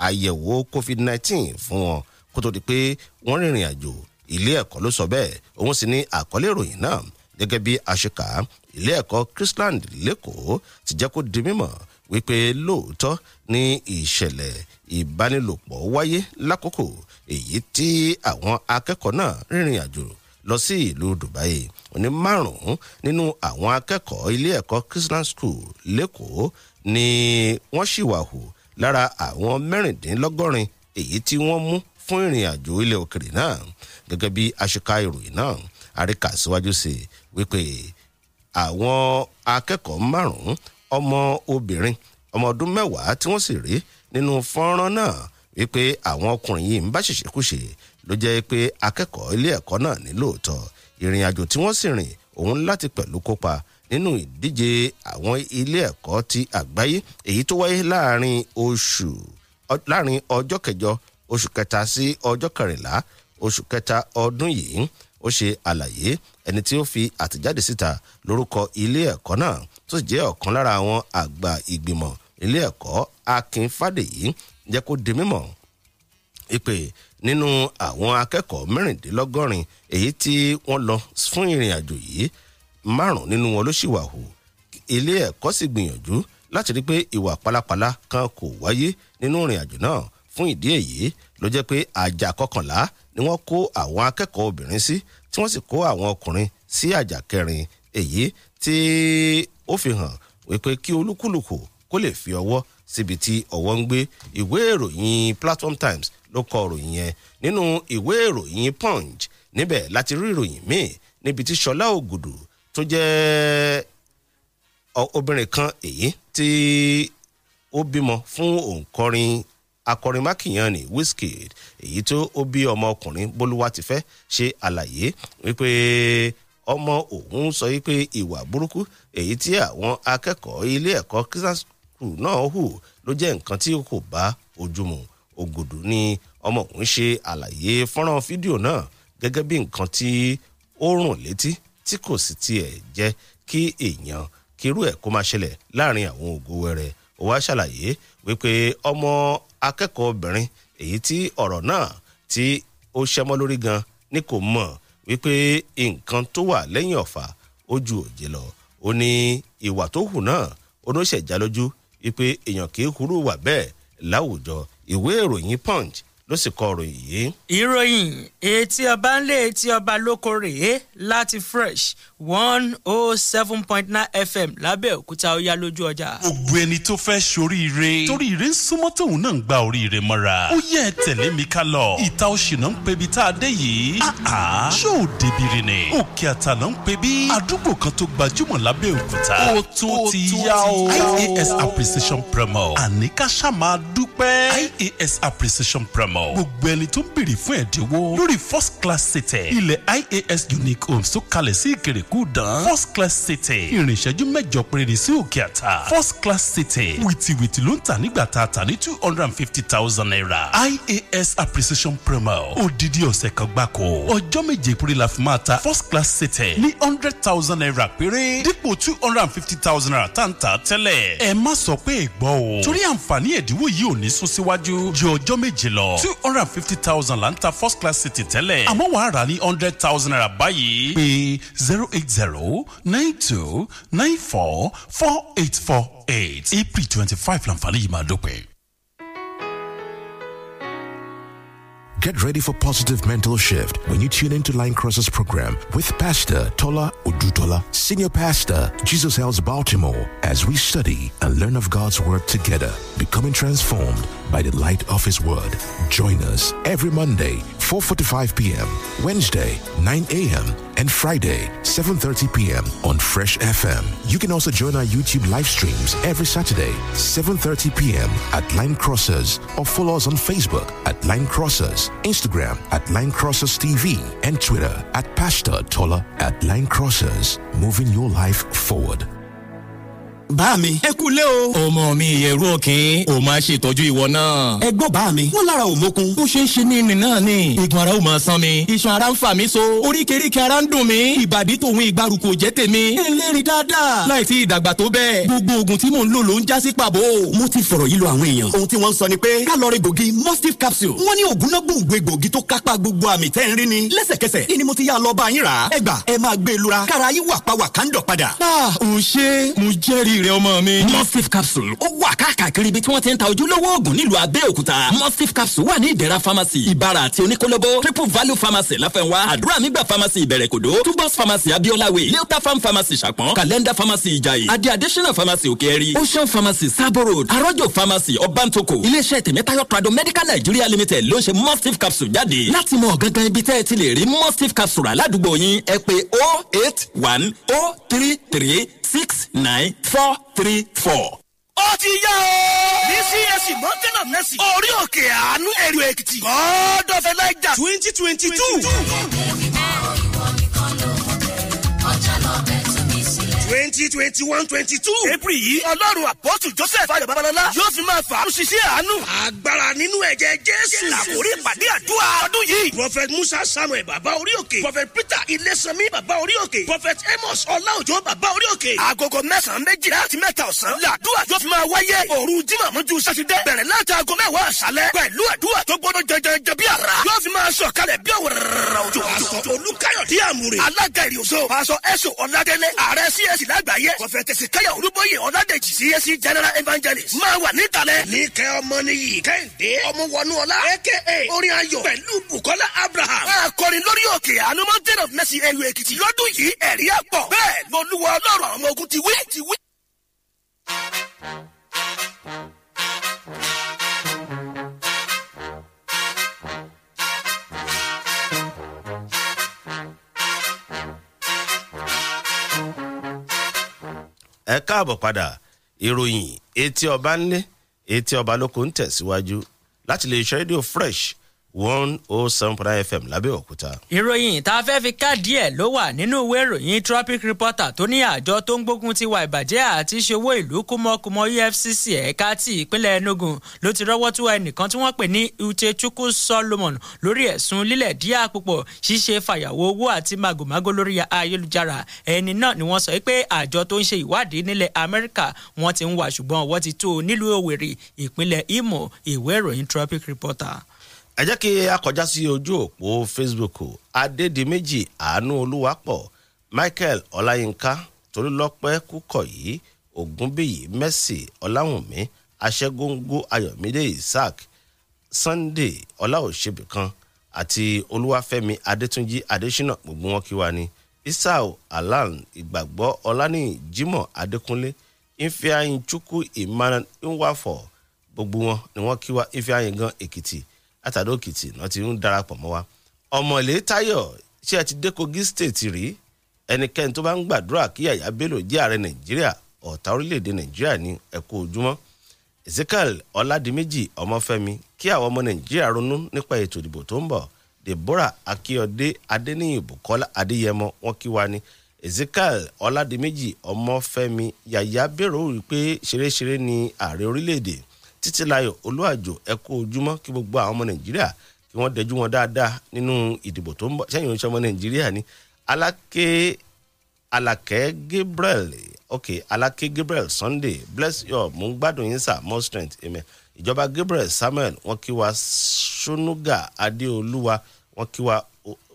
àyẹ̀wò covid nineteen fún wọn kó tó di pé wọ́n rìnrìn àjò ilé ẹ̀kọ́ ló sọ bẹ́ẹ̀ òun sì ní àkọlé ìròyìn náà gẹ́gẹ́ bí àṣekà ilé ẹ̀kọ́ Chrisland lẹ́kọ̀ọ́ ti jẹ́ kó di mímọ̀ wípé lóòótọ́ ní ìṣẹ̀lẹ̀ ìbánilòpọ̀ wáyé lákòókò èyí tí àwọn akẹ́kọ̀ọ́ náà rìnrìn àjò lọ sí ìlú Dubai òní márùn-ún nínú àwọn akẹ́kọ̀ọ́ ilé ẹ̀kọ́ Christian School lẹ́kọ̀ọ́ ni wọ́n ṣìwàhù lára àwọn mẹ́rìndínlọ́gọ́rin èyí tí wọ́n mú fún ìrìn àjò ilẹ̀ òkèrè náà gẹ́gẹ́ bí aṣíká ìròyìn náà àríkà síwájú sí wípé àwọn akẹ́kọ̀ọ́ márùn-ún ọmọ obìnrin ọmọ ọdún mẹ́wàá tí wọ́n sì rí nínú fọ́nrán náà wípé àwọn ọkùnrin yìí ń bá ṣèṣekúṣe ló jẹ́ pé akẹ́kọ̀ọ́ ilé ẹ̀kọ́ náà ní lóòótọ́ ìrìn àjò tí wọ́n sì rìn òun láti pẹ̀lú kópa nínú ìdíje àwọn ilé ẹ̀kọ́ ti àgbáyé èyí tó wáyé láàrin oṣù láàrin ọjọ́ kẹjọ oṣù kẹta sí ọjọ́ kẹrìnlá oṣù kẹta ọdún yìí ó ṣe àlàyé ẹni tí ó fi àtẹ̀jáde síta lórúkọ ilé ẹ̀kọ́ náà tó jẹ́ ọ̀kan lára àwọn àgbà ìgbìmọ̀ ilé ẹ̀kọ́ akin fàdèyí jẹ́ kó di mímọ̀ ìpè nínú àwọn akẹ́kọ̀ọ́ mẹ́rìndínlọ́gọ́rin èyí tí wọ́n lọ fún ìrìn àjò yìí márùn-ún nínú wọn ló ṣì wà hù ilé ẹ̀kọ́ sì gbìyànjú láti rí pé ìwà pálapàla kan kò wáyé nínú ìrìn àjò náà fún ìdí èyí ló jẹ́ pé àjà kọkànlá ni wọ́n kó àwọn akẹ́kọ̀ọ́ obìnrin sí tí wọ́n sì kó àwọn ọkùnrin sí àjà kẹrin èyí tí ó fi hàn wípé kí olúkúlùkù kó lè fi ọwọ́ síbi tí ọ̀wọ́ ń gbé ìwé ìròyìn Platform Times ló kọ ìròyìn yẹn nínú ìwé ìròyìn Punch níbẹ̀ láti rí ìròyìn míì níbi tí Ṣọlá Ògùdù tó jẹ́ obìnrin kan èyí tí ó bímọ fún òǹkọrin akọrin mákìyàn ní Wizkid èyí tó ó bí ọmọ ọkùnrin Bólúwatifẹ́ ṣe àlàyé wípé ọmọ òun sọ wípé ìwà burúkú èyí tí àwọn akẹ́kọ̀ọ́ ilé ẹ̀kọ́ crew náà hù ló jẹ́ nǹkan tí kò bá ojú mu ògòdù ni ọmọ òun ṣe àlàyé fọ́nrán fídíò náà gẹ́gẹ́ bí nǹkan tí ó rùn létí tí kò sì tiẹ̀ jẹ́ kí èèyàn kírú ẹ̀ kó máa ṣẹlẹ̀ láàrin àwọn ògo wẹrẹ ó wá ṣàlàyé wípé ọmọ akẹ́kọ̀ọ́ obìnrin èyí tí ọ̀rọ̀ náà tí ó ṣẹmọ́ lórí gan ni kò mọ̀ wípé nǹkan tó wà lẹ́yìn ọ̀fà ó ju lọ ó ní ìwà tó hù náà ó wípé èèyàn kì í hurú wà bẹ́ẹ̀ láwùjọ ìwé ìròyìn punch ló sì kọ ròyìn yìí. ìròyìn etí ọba ń lé etí ọba lóko rèé láti fresh one oh seven point nine fm lábẹ́òkúta ọ̀yá lójú ọjà. gbogbo ẹni tó fẹ́ soríire torí ire ń súnmọ́ tóun náà ń gba oríire mọ́ra ó yẹ tẹ̀lé mi ká lọ ìta òṣìnà ń pebi tá a dé yìí àá ah, ah. ṣó débìrì ni òkè àtàlà ń pebi àdúgbò kan tó gbajúmọ̀ lábẹ́òkúta ó tó ti yá o ias appreciation promo àní ká ṣá dúpẹ́ ias appreciation promo gbogbo ẹni tó ń béèrè fún ẹ̀dínwó lórí first class seater ilẹ̀ ias unique homes tó kalẹ̀ sí ìkèrè ìgúdàn first class city ìrìn ìṣẹ́jú mẹ́jọ péré sí òkè àtà first class city wìtìwìtì ló ń tà nígbà tá a tà ní two hundred and fifty thousand naira ias appreciation promo odidi ọ̀sẹ̀ kan gbáko ọjọ́ méje péré la fi máa ta first class city ní hundred thousand naira péré dípò two hundred and fifty thousand naira tá n ta tẹ́lẹ̀ ẹ má sọ pé ẹ gbọ́ o torí àǹfààní ẹ̀dínwó yìí ò ní sún síwájú ju ọjọ́ méje lọ two hundred and fifty thousand la ń ta first class city tẹ́lẹ̀ àmọ́ wàá rà ní hundred thousand naira báyìí pé zero eight. 08092944848 April 25 Lamfali Madope. Get ready for positive mental shift when you tune into Line Crossers program with Pastor Tola Udutola, Senior Pastor, Jesus Hells Baltimore, as we study and learn of God's Word together, becoming transformed by the light of His Word. Join us every Monday, 4.45 p.m., Wednesday, 9 a.m., and Friday, 7.30 p.m. on Fresh FM. You can also join our YouTube live streams every Saturday, 7.30 p.m. at Line Crossers or follow us on Facebook at Line Crossers, Instagram at Line Crossers TV and Twitter at Pastor Tola at Line Crossers. Moving your life forward. bá mi. ẹ kú o. ọmọ mi ìyẹ̀rú òkín o máa ṣètọ́jú ìwọ náà. ẹ gbọ́ bá mi. wọ́n lára ò mókun. ó ṣeé ṣe ní ìrìn náà ni. igun ara ò máa san mi. iṣan ara ń fà mí so. oríkèéríkèé ara ń dùn mí. ìbàdí tòun ìgbàrúkọ jẹ́ tèmi. ẹlẹ́rìí dáadáa. láì sí ìdàgbà tó bẹ́ẹ̀. gbogbo oògùn tí mò ń lò ló ń já sí pàbó. mo ti fọ̀rọ̀ yí lọ àwọn èèyàn. ohun tí wọ́n sọ ni pé kálọ̀rì capsule. wọ́n ní ògùn náà gbòǹgbò egbòogi tó ni. lẹ́sẹ̀kẹsẹ̀ ni mo ti yá lọ bá yín e lura. kára yín wà pa ah ò ṣe rẹ ọmọ mi. mustif capsule ó wà káàkiri ibi tí wọ́n ti ń ta ojúlówó oògùn nílùú abẹ́òkúta mustif capsule wà ní ìdẹ̀ra pharmacy ìbàrà àti oníkólóbó triple value pharmacy láfẹ́nwá àdúrà mígbà pharmacy Two Box pharmacy abiolawe leota farm pharmacy ṣàpọ̀n calendar pharmacy ìjàyè adi additional pharmacy òkèèrè ocean pharmacy sabo road arọ́jọ pharmacy ọbántoko iléeṣẹ́ tèmẹ́tayọ̀ prado medical nigeria limited ló ń ṣe mustif capsule jáde láti mọ gangan ibi tẹ́ ẹ ti lè rí mustif capsule aládùúgbò yín ẹ pé 08103 three six nine four three four. ó ti yá o. ní csc mountain of mercy. orí òkè àánú èrò èkìtì. God of Elijah twenty twenty two. twenty twenty one twenty two. april yìí ọlọ́run àpọ́tù joseph ayọ̀ babalọ́lá yóò fi máa fà á ṣiṣẹ́ àánú. agbára nínú ẹ̀jẹ̀ jésù. làkórí ìpàdé àdúrà ọdún yìí. prophet musa samuel baba orí òkè. prophet peter ilésànmí baba orí òkè. prophet amos ọláòjó baba orí òkè. agogo mẹ́sàn-án méjìlá àti mẹ́ta ọ̀sán. làdúrà yóò fi máa wáyé. òru jímọ̀ mọ́jú sátidé. bẹ̀rẹ̀ láti aago mẹ́wàá àṣálẹ́. pẹ̀lú àdúrà tó gbọ́dọ̀ jẹjẹrẹ bí ara. yóò fi máa sọ kalẹ̀ bí òwúrọ̀ òjò. pásọ olùkayọ̀dé àmúre. alága ìrìnsò pásọ ẹ̀sùn kíláàsì lágbàáyé kọfẹ tẹsí káyà olúbóyè ọládèjì csc general evangelist máa wà nítalẹ. ní kẹ́ ọmọ nìyí kẹ́hìndé ọmọ wọnú ọlá aka orin ayọ̀ pẹ̀lú bukola abraham. akọrin lórí òkè àánú mountain of mercy ẹ̀yọ̀ èkìtì lọ́dún yìí ẹ̀rí àpọ̀ bẹ́ẹ̀ lọ́lúwa ọlọ́run àwọn ogun ti wí ti wí. Thank you. ẹ káàbọ̀ padà ìròyìn etí ọba ńlé etí ọba lóko ń tẹ̀síwájú láti lè ṣe rédíò fresh one oh seven point nine fm lábẹ́òkúta. ìròyìn tá a fẹ́ fi káàdì ẹ̀ ló wà nínú ìwé ìròyìn tropic reporter tó ní àjọ tó ń gbógun ti wà ìbàjẹ́ àti ṣòwò ìlú kúmọ́kúmọ́ efcc ẹ̀ka ti ìpínlẹ̀ enugu ló ti rọ́wọ́ tó ẹnìkan tí wọ́n pè ní uchechukwu solomon lórí ẹ̀sùn lílẹ̀ díà púpọ̀ ṣíṣe fàyàwó owó àti màgòmágó lórí ayélujára ẹni náà ni wọ́n sọ pé àjọ tó ń ṣe ìwádìí nílẹ̀ imo ìwé ìròyìn reporter ẹ jẹ́ kí a kọjá sí ojú òpó facebook adédìméjì àánú olúwapọ̀ michael ọláyínká torílọ́pẹ́ kúkọ̀yí ògúnbíyì mercy ọláwùnmí aṣẹ́góńgó ayọ̀mídé isaac sunday ọláòṣèbìkan àti olúwafẹ́mi adétúnjì adésínà gbogbo wọn kí wa ni isao alan ìgbàgbọ́ ọláníyì jimoh adékúnlé ifeanyi chukwu emmanuel nwafọ gbogbo wọn ni wọn kí wa ifeanyi gan èkìtì látàrí òkìtì náà ti ń darapọ̀ mọ́ wa ọmọlé táyọ̀ ṣé ẹ ti dé kogi state rí ẹnikẹ́ni tó bá ń gbàdúrà kí yàyà bello jẹ́ ààrẹ nàìjíríà ọ̀tá orílẹ̀-èdè nàìjíríà ní ẹ̀kọ́ ojúmọ́ ezekiel ọládìméjì ọmọfẹ́mi kí àwọn ọmọ nàìjíríà ronú nípa ètò ìdìbò tó ń bọ̀ deborah akíọdé adéníyìn bukola adéyẹmọ wọn kí wa ni ezekiel ọládìméjì ọmọfẹ́mi yàyà bèrò wípé ṣeréṣeré ni ààrẹ orílẹ̀-èdè títílayọ̀ olúwàjò ẹ kú ojúmọ́ kí gbogbo àwọn ọmọ nàìjíríà kí wọ́n dẹjú wọn dáadáa nínú ìdìbò tó ń bọ̀ sẹ́yìn oníṣẹ́ ọmọ nàìjíríà ni aláké alákẹ́ gabriel ok aláké gabriel sunday bless your mo ń gbádùn yín sir more strength amen ìjọba gabriel samuel wọ́n kí wa sonuga adéolúwa wọ́n kí wa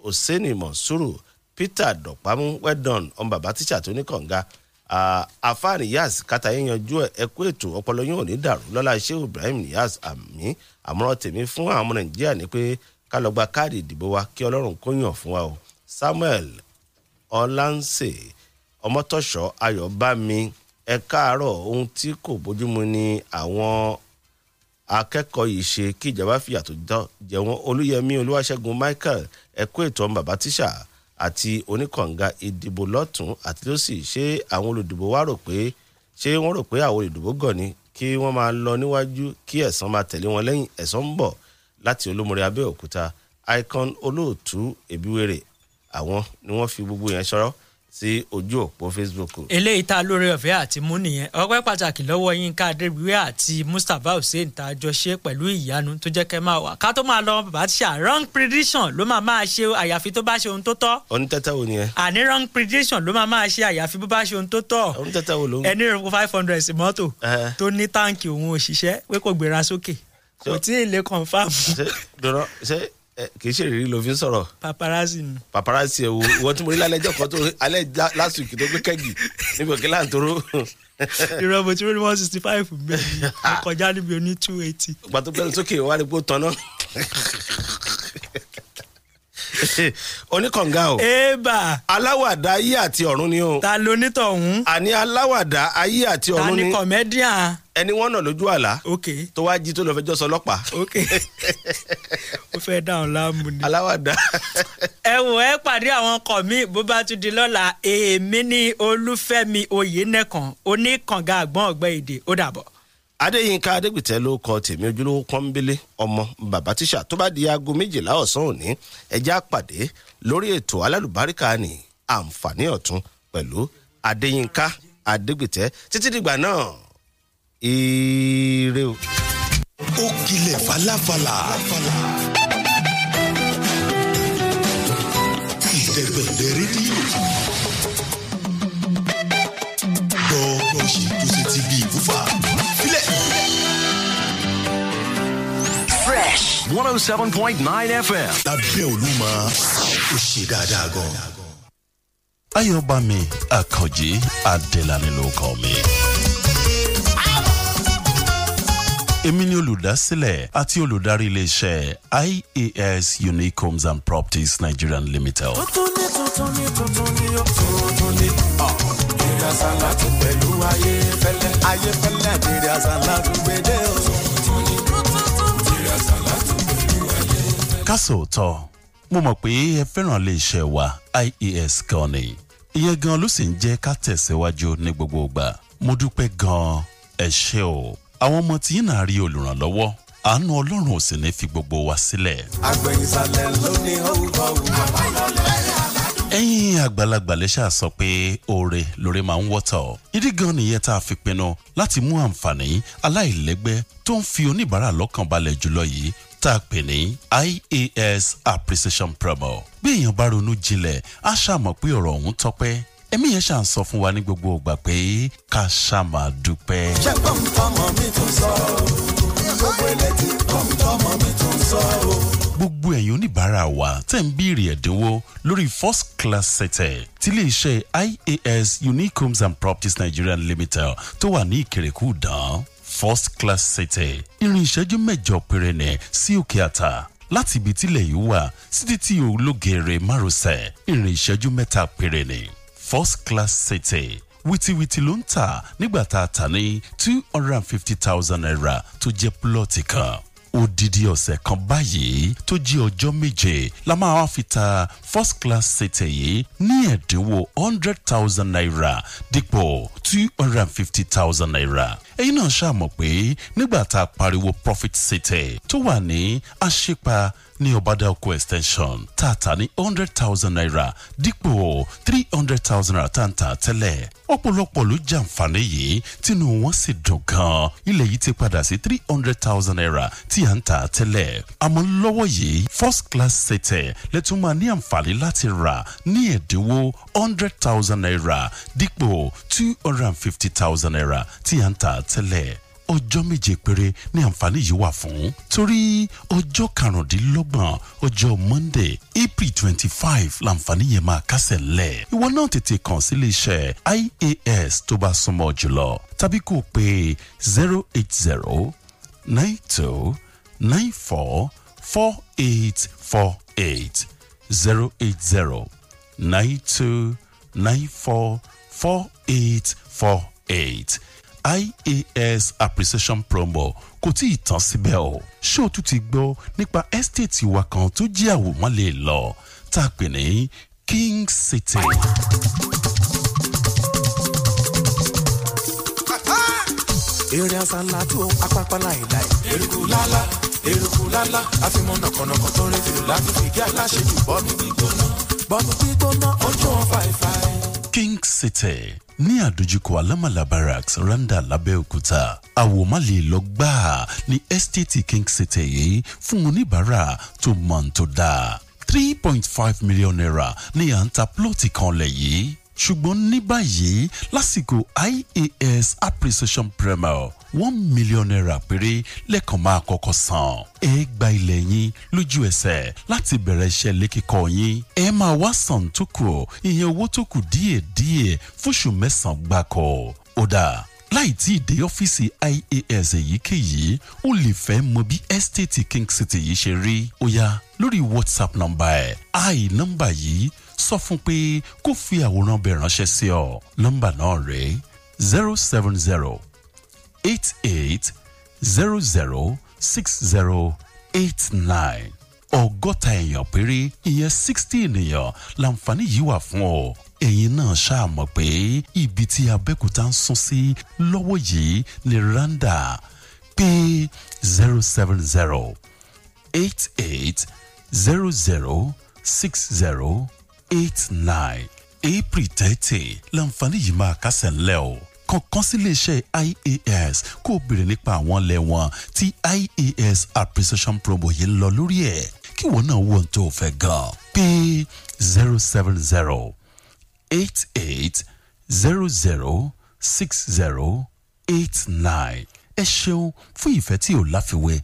oseni monsuru peter dọ̀pámú well done ọmọ bàbá tíṣà tó ní kànga afa Niyas Kataye yanjú ẹ kú ètò ọpọlọ yóò ní dàrú lọ́la Shehu Ibrahim Niyas àmì àmọ̀ràn tèmi fún àwọn ọmọ Nàìjíríà ni pé ká lọ gba káàdì ìdìbò wa kí Ọlọ́run kó yàn fún wa o Samuel Ọlánsè Ọmọtọ́ṣọ́ Ayọ̀bámi ẹ káàárọ̀ ohun tí kò bójúmu ni àwọn akẹ́kọ̀ọ́ yìí ṣe kí ìjọba fìyà tó jẹ wọ́n Olúyẹmí Olúwaṣẹ́gun Michael ẹ kú ètò ọmọ bàbá tíṣà àti oníkànga ìdìbò lọ́tún àti lọ́sì ṣé àwọn olùdìbò wa rò pé ṣé wọ́n rò pé àwọn olùdìbò gàn ni kí wọ́n máa lọ níwájú kí ẹ̀san máa tẹ̀lé wọn lẹ́yìn ẹ̀san ń bọ̀ láti olómọrẹ abẹ́òkúta icon olóòtú èbíwèrè àwọn ni wọ́n fi gbogbo yẹn ṣọ́rọ́ sí ojú òpó facebook. eléyìí ta lórí ọ̀fẹ́ àti mú nìyẹn ọpẹ́ pàtàkì lọ́wọ́ yínká adébíwé àti mustapha hussein tá a jọ ṣe pẹ̀lú ìyanu tó jẹ́ kẹ́ máa wà ká tó máa lọ bàbá tíṣà wrong prediction ló máa máa ṣe àyàfi tó bá ṣe ohun tó tọ́. onítẹ́tẹ́ wo nìyẹn. àní wrong prediction ló máa máa ṣe àyàfi bó bá ṣe ohun tó tọ́. onítẹ́tẹ́ wo ló ń. ẹni rẹ̀ five hundred sí mọ́tò tó ní táǹkì òun òṣìṣẹ́ pé kò gbéra sókè kò tí ì lè confam. ṣe ṣe kì í ṣe ìrírí ló fi ń sọ̀rọ̀. paparazzi ni. paparazzi ẹ̀ wo ìwọ tí mo rí lálẹ́ ẹjọ́ kan tó alẹ́ last week tó gbé kẹ́gì níbi òkè láǹtóró. ìrọ̀bù tí wọ́n one sixty five bẹ́ẹ̀ kọjá níbi oní two eighty. pàtó pẹ́ẹ́lú sókè wà ní kó tán náà. oníkànga o. eba. aláwàdà ayé àti ọ̀run ni o. ta ló nítọ̀hún. àní aláwàdà ayé àti ọ̀run ni. ta ni kọ̀mẹ́díà. ẹni wọ́n nà lójú àlá. ok tó wá jí tó lọ fẹjọ́ sọ ọlọ́pàá. ok ó fẹ́ dá òun láàmú ni. aláwàdà. ẹ wò ẹ pàdé àwọn ọkọ mi bó bá tún di lọ́la èmi ní olúfẹ́mi oyinẹ̀kan oníkànga àgbọ̀n ọ̀gbẹ́ èdè ó dàbọ̀ adéyínká adégbìtẹ́ ló kọ tèmi ojúlówó pọ́nbélé ọmọ bàbá tíṣà tó bá di aago méjìlá ọ̀sán òní ẹjẹ́ àpàdé lórí ètò alálùbáríkà ní àǹfààní ọ̀tún pẹ̀lú adéyínká adégbìtẹ́ títí dìgbà náà ire o. ó kilẹ̀ falafala. ìdẹ̀gbẹ̀dẹ̀ rédíò. gbọ́ bó tó ṣe ti bí ìwúfà. 107.9 FM. lábẹ́ Olúmọ ó ṣe dáadáa gan. Ayọ̀bámi Àkànjí Adélani ló kọ mi. Èmi ni olùdásílẹ̀ àti olùdarí iléeṣẹ́ IAS e Unique Homes and Properties Nigerian Limited. Tuntun ni tuntun ni tuntun ni tuntun ni ìrẹsà ah, láti pẹ̀lú ayé fẹ́lẹ́ ayé fẹ́lẹ́ ìrẹsà láti gbèdé o. kásòótọ́ mo mọ̀ pé ẹ fẹ́ràn ilé iṣẹ́ wa IES kan ni ìyẹn gan ló sì ń jẹ́ ká tẹ̀síwájú ní gbogbo ìgbà mo dúpẹ́ gan ẹ ṣé o àwọn ọmọ tí náà rí olùrànlọ́wọ́ àánú ọlọ́run ò sì ní fi gbogbo wa sílẹ̀. àgbẹ̀yìnsálẹ̀ ló ní orúkọ òun àbálọ́lẹ̀ ẹ̀yin àgbàlagbà lè ṣáà pé oore lóore máa ń wọ́tọ̀ ìdí gan nìyẹn tá a fi pinnu láti mú àǹfààní aláìlẹ́gbẹ́ tó ń fi oníbàárà lọ́kàn jùlọ yìí tá a pè ní IAS appreciation promo. bí èèyàn bá ronú jinlẹ̀ á ṣàmọ̀ pé ọ̀rọ̀ ọ̀hún tọ́pẹ́ ẹ̀mí yẹn ṣàn sọ fún wa ní gbogbo ìgbà pé ká ṣàmà dúpẹ́. ṣé pọ́ńpọ́mọ mi tún sọ ọ́ gbogbo ilẹ̀ tí pọ́ńpọ́mọ mi tún sọ ọ́ gbogbo ẹ̀yin oníbàárà wa tẹ̀ ń bíèrè ẹ̀dínwó lórí first class sẹ̀tẹ̀ tí iléeṣẹ́ IAS Unique Homes and Properties Nigeria Limited tó wà ní Ìkẹrẹ̀kú dán first class city ìrìn ìṣẹ́jú mẹ́jọ péré ni sí òkè àtà láti ibi tílẹ̀ yìí wà títí tí ológèrè márosẹ̀ ìrìn ìṣẹ́jú mẹ́ta péré ni first class city wìtìwìtì ló ń tà nígbà tá a tà ní two hundred and fifty thousand naira tó jẹ́ púlọ̀tì kan odidi ọ̀sẹ̀ kan báyìí tó jẹ́ ọjọ́ méje la máa wá fi ta first class city yìí ní ẹ̀dínwó hundred thousand naira dípò two hundred and fifty thousand naira ẹ̀yin náà ṣàmọ̀ pé nígbà tá a pariwo profit city tó wà ní àṣepa ní ọ̀bádàkọ extension tá a ní hundred thousand naira dípò three hundred thousand naira tá a ń tà tẹ́lẹ̀ ọ̀pọ̀lọpọ̀ ló jàǹfààní yìí tínú wọn sì dùn gan ilẹ̀ yìí ti padà sí three hundred thousand naira tí a ń tà tẹ́lẹ̀ àmọ́ lọ́wọ́ yìí first class city lẹ́tún máa ní àǹfààní láti rà ní ẹ̀dínwó hundred thousand naira dípò two hundred and fifty thousand naira tí a ń tà tẹ́lẹ̀ ọjọ́ méje péré ní àǹfààní yìí wà fún torí ọjọ́ karùndínlọ́gbọ̀n ọjọ́ monday april twenty five làǹfààní yẹn máa kásẹ̀ lẹ̀ ìwọ náà tètè kàn sí iléeṣẹ́ ias tó bá súnmọ́ jùlọ tàbí kó o zero eight zero nine two nine four four eight four eight zero eight zero nine two nine four four eight four eight. IAS Appreciation Promo kò tí ì tán síbẹ̀ o ṣé o tún ti gbọ́ nípa ẹ́stéètì wa kan tó jẹ́ àwòmọ́lé lọ tá a pè ní King City. èrè àṣà ńlá tó apápá láìláì. eruku lálá eruku lálá àfimọ́ nàkànnàkàn tó ń fèrè láti fìgí aláṣẹ jù bọ́ọ̀nù gbígbóná. bọ́ọ̀nù gbígbóná ojú wọn fàìfàì. King City ní àdójúkọ alámàlà barracks randa lábẹ́òkúta àwòmálè lọ gbà ní estate King City yìí fún oníbàárà tó mọ̀ tó dáa three point five million naira ní à ń ta plọ́ọ̀tì kan lẹ̀ yìí ṣùgbọ́n ní báyìí lásìkò IAS appreciation premier one million naira péré lẹ́ẹ̀kan máa kọ́kọ́ san. ẹ gba ilẹ̀ yín lójú ẹsẹ̀ láti bẹ̀rẹ̀ iṣẹ́ ilé kíkọ́ yín. ẹ máa wá san tó kù ìyẹn owó tó kù díẹ̀díẹ̀ fóṣù mẹ́sàn-án gbáko. ó dáa láì tí ì dé ọ́fíìsì IAS èyíkéyìí ó lè fẹ́ mọ bí estate King City yìí ṣe rí. ó yá lórí WhatsApp nọ́mbà ẹ̀ i nọ́mbà yìí 0244 sọ fún pé kó fi àwòrán bẹ̀ ránṣẹ́ sí ọ nọ́mbà náà rèé zero seven zero eight eight zero zero six zero eight nine ọgọ́ta èèyàn péré ìyẹn sixty ènìyàn làǹfààní yìí wà fún ọ ẹ̀yin náà ṣàmọ̀ pé ibi tí Abẹ́òkúta ń sún sí lọ́wọ́ yìí ní randa pé zero seven zero eight eight zero zero six zero eight nine april thirty lànfààní yìí máa kásẹ̀ ńlẹ̀ o kọ̀ọ̀kan sí ias kó o béèrè nípa àwọn ilẹ̀ wọn tí ias appreciation promo yìí ń lọ lórí ẹ̀ kí wọn náà wọ́n tó fẹ́ gan pé zero seven zero eight eight zero zero six zero eight nine ẹ ṣeun fún ìfẹ́ tí ò láfiwé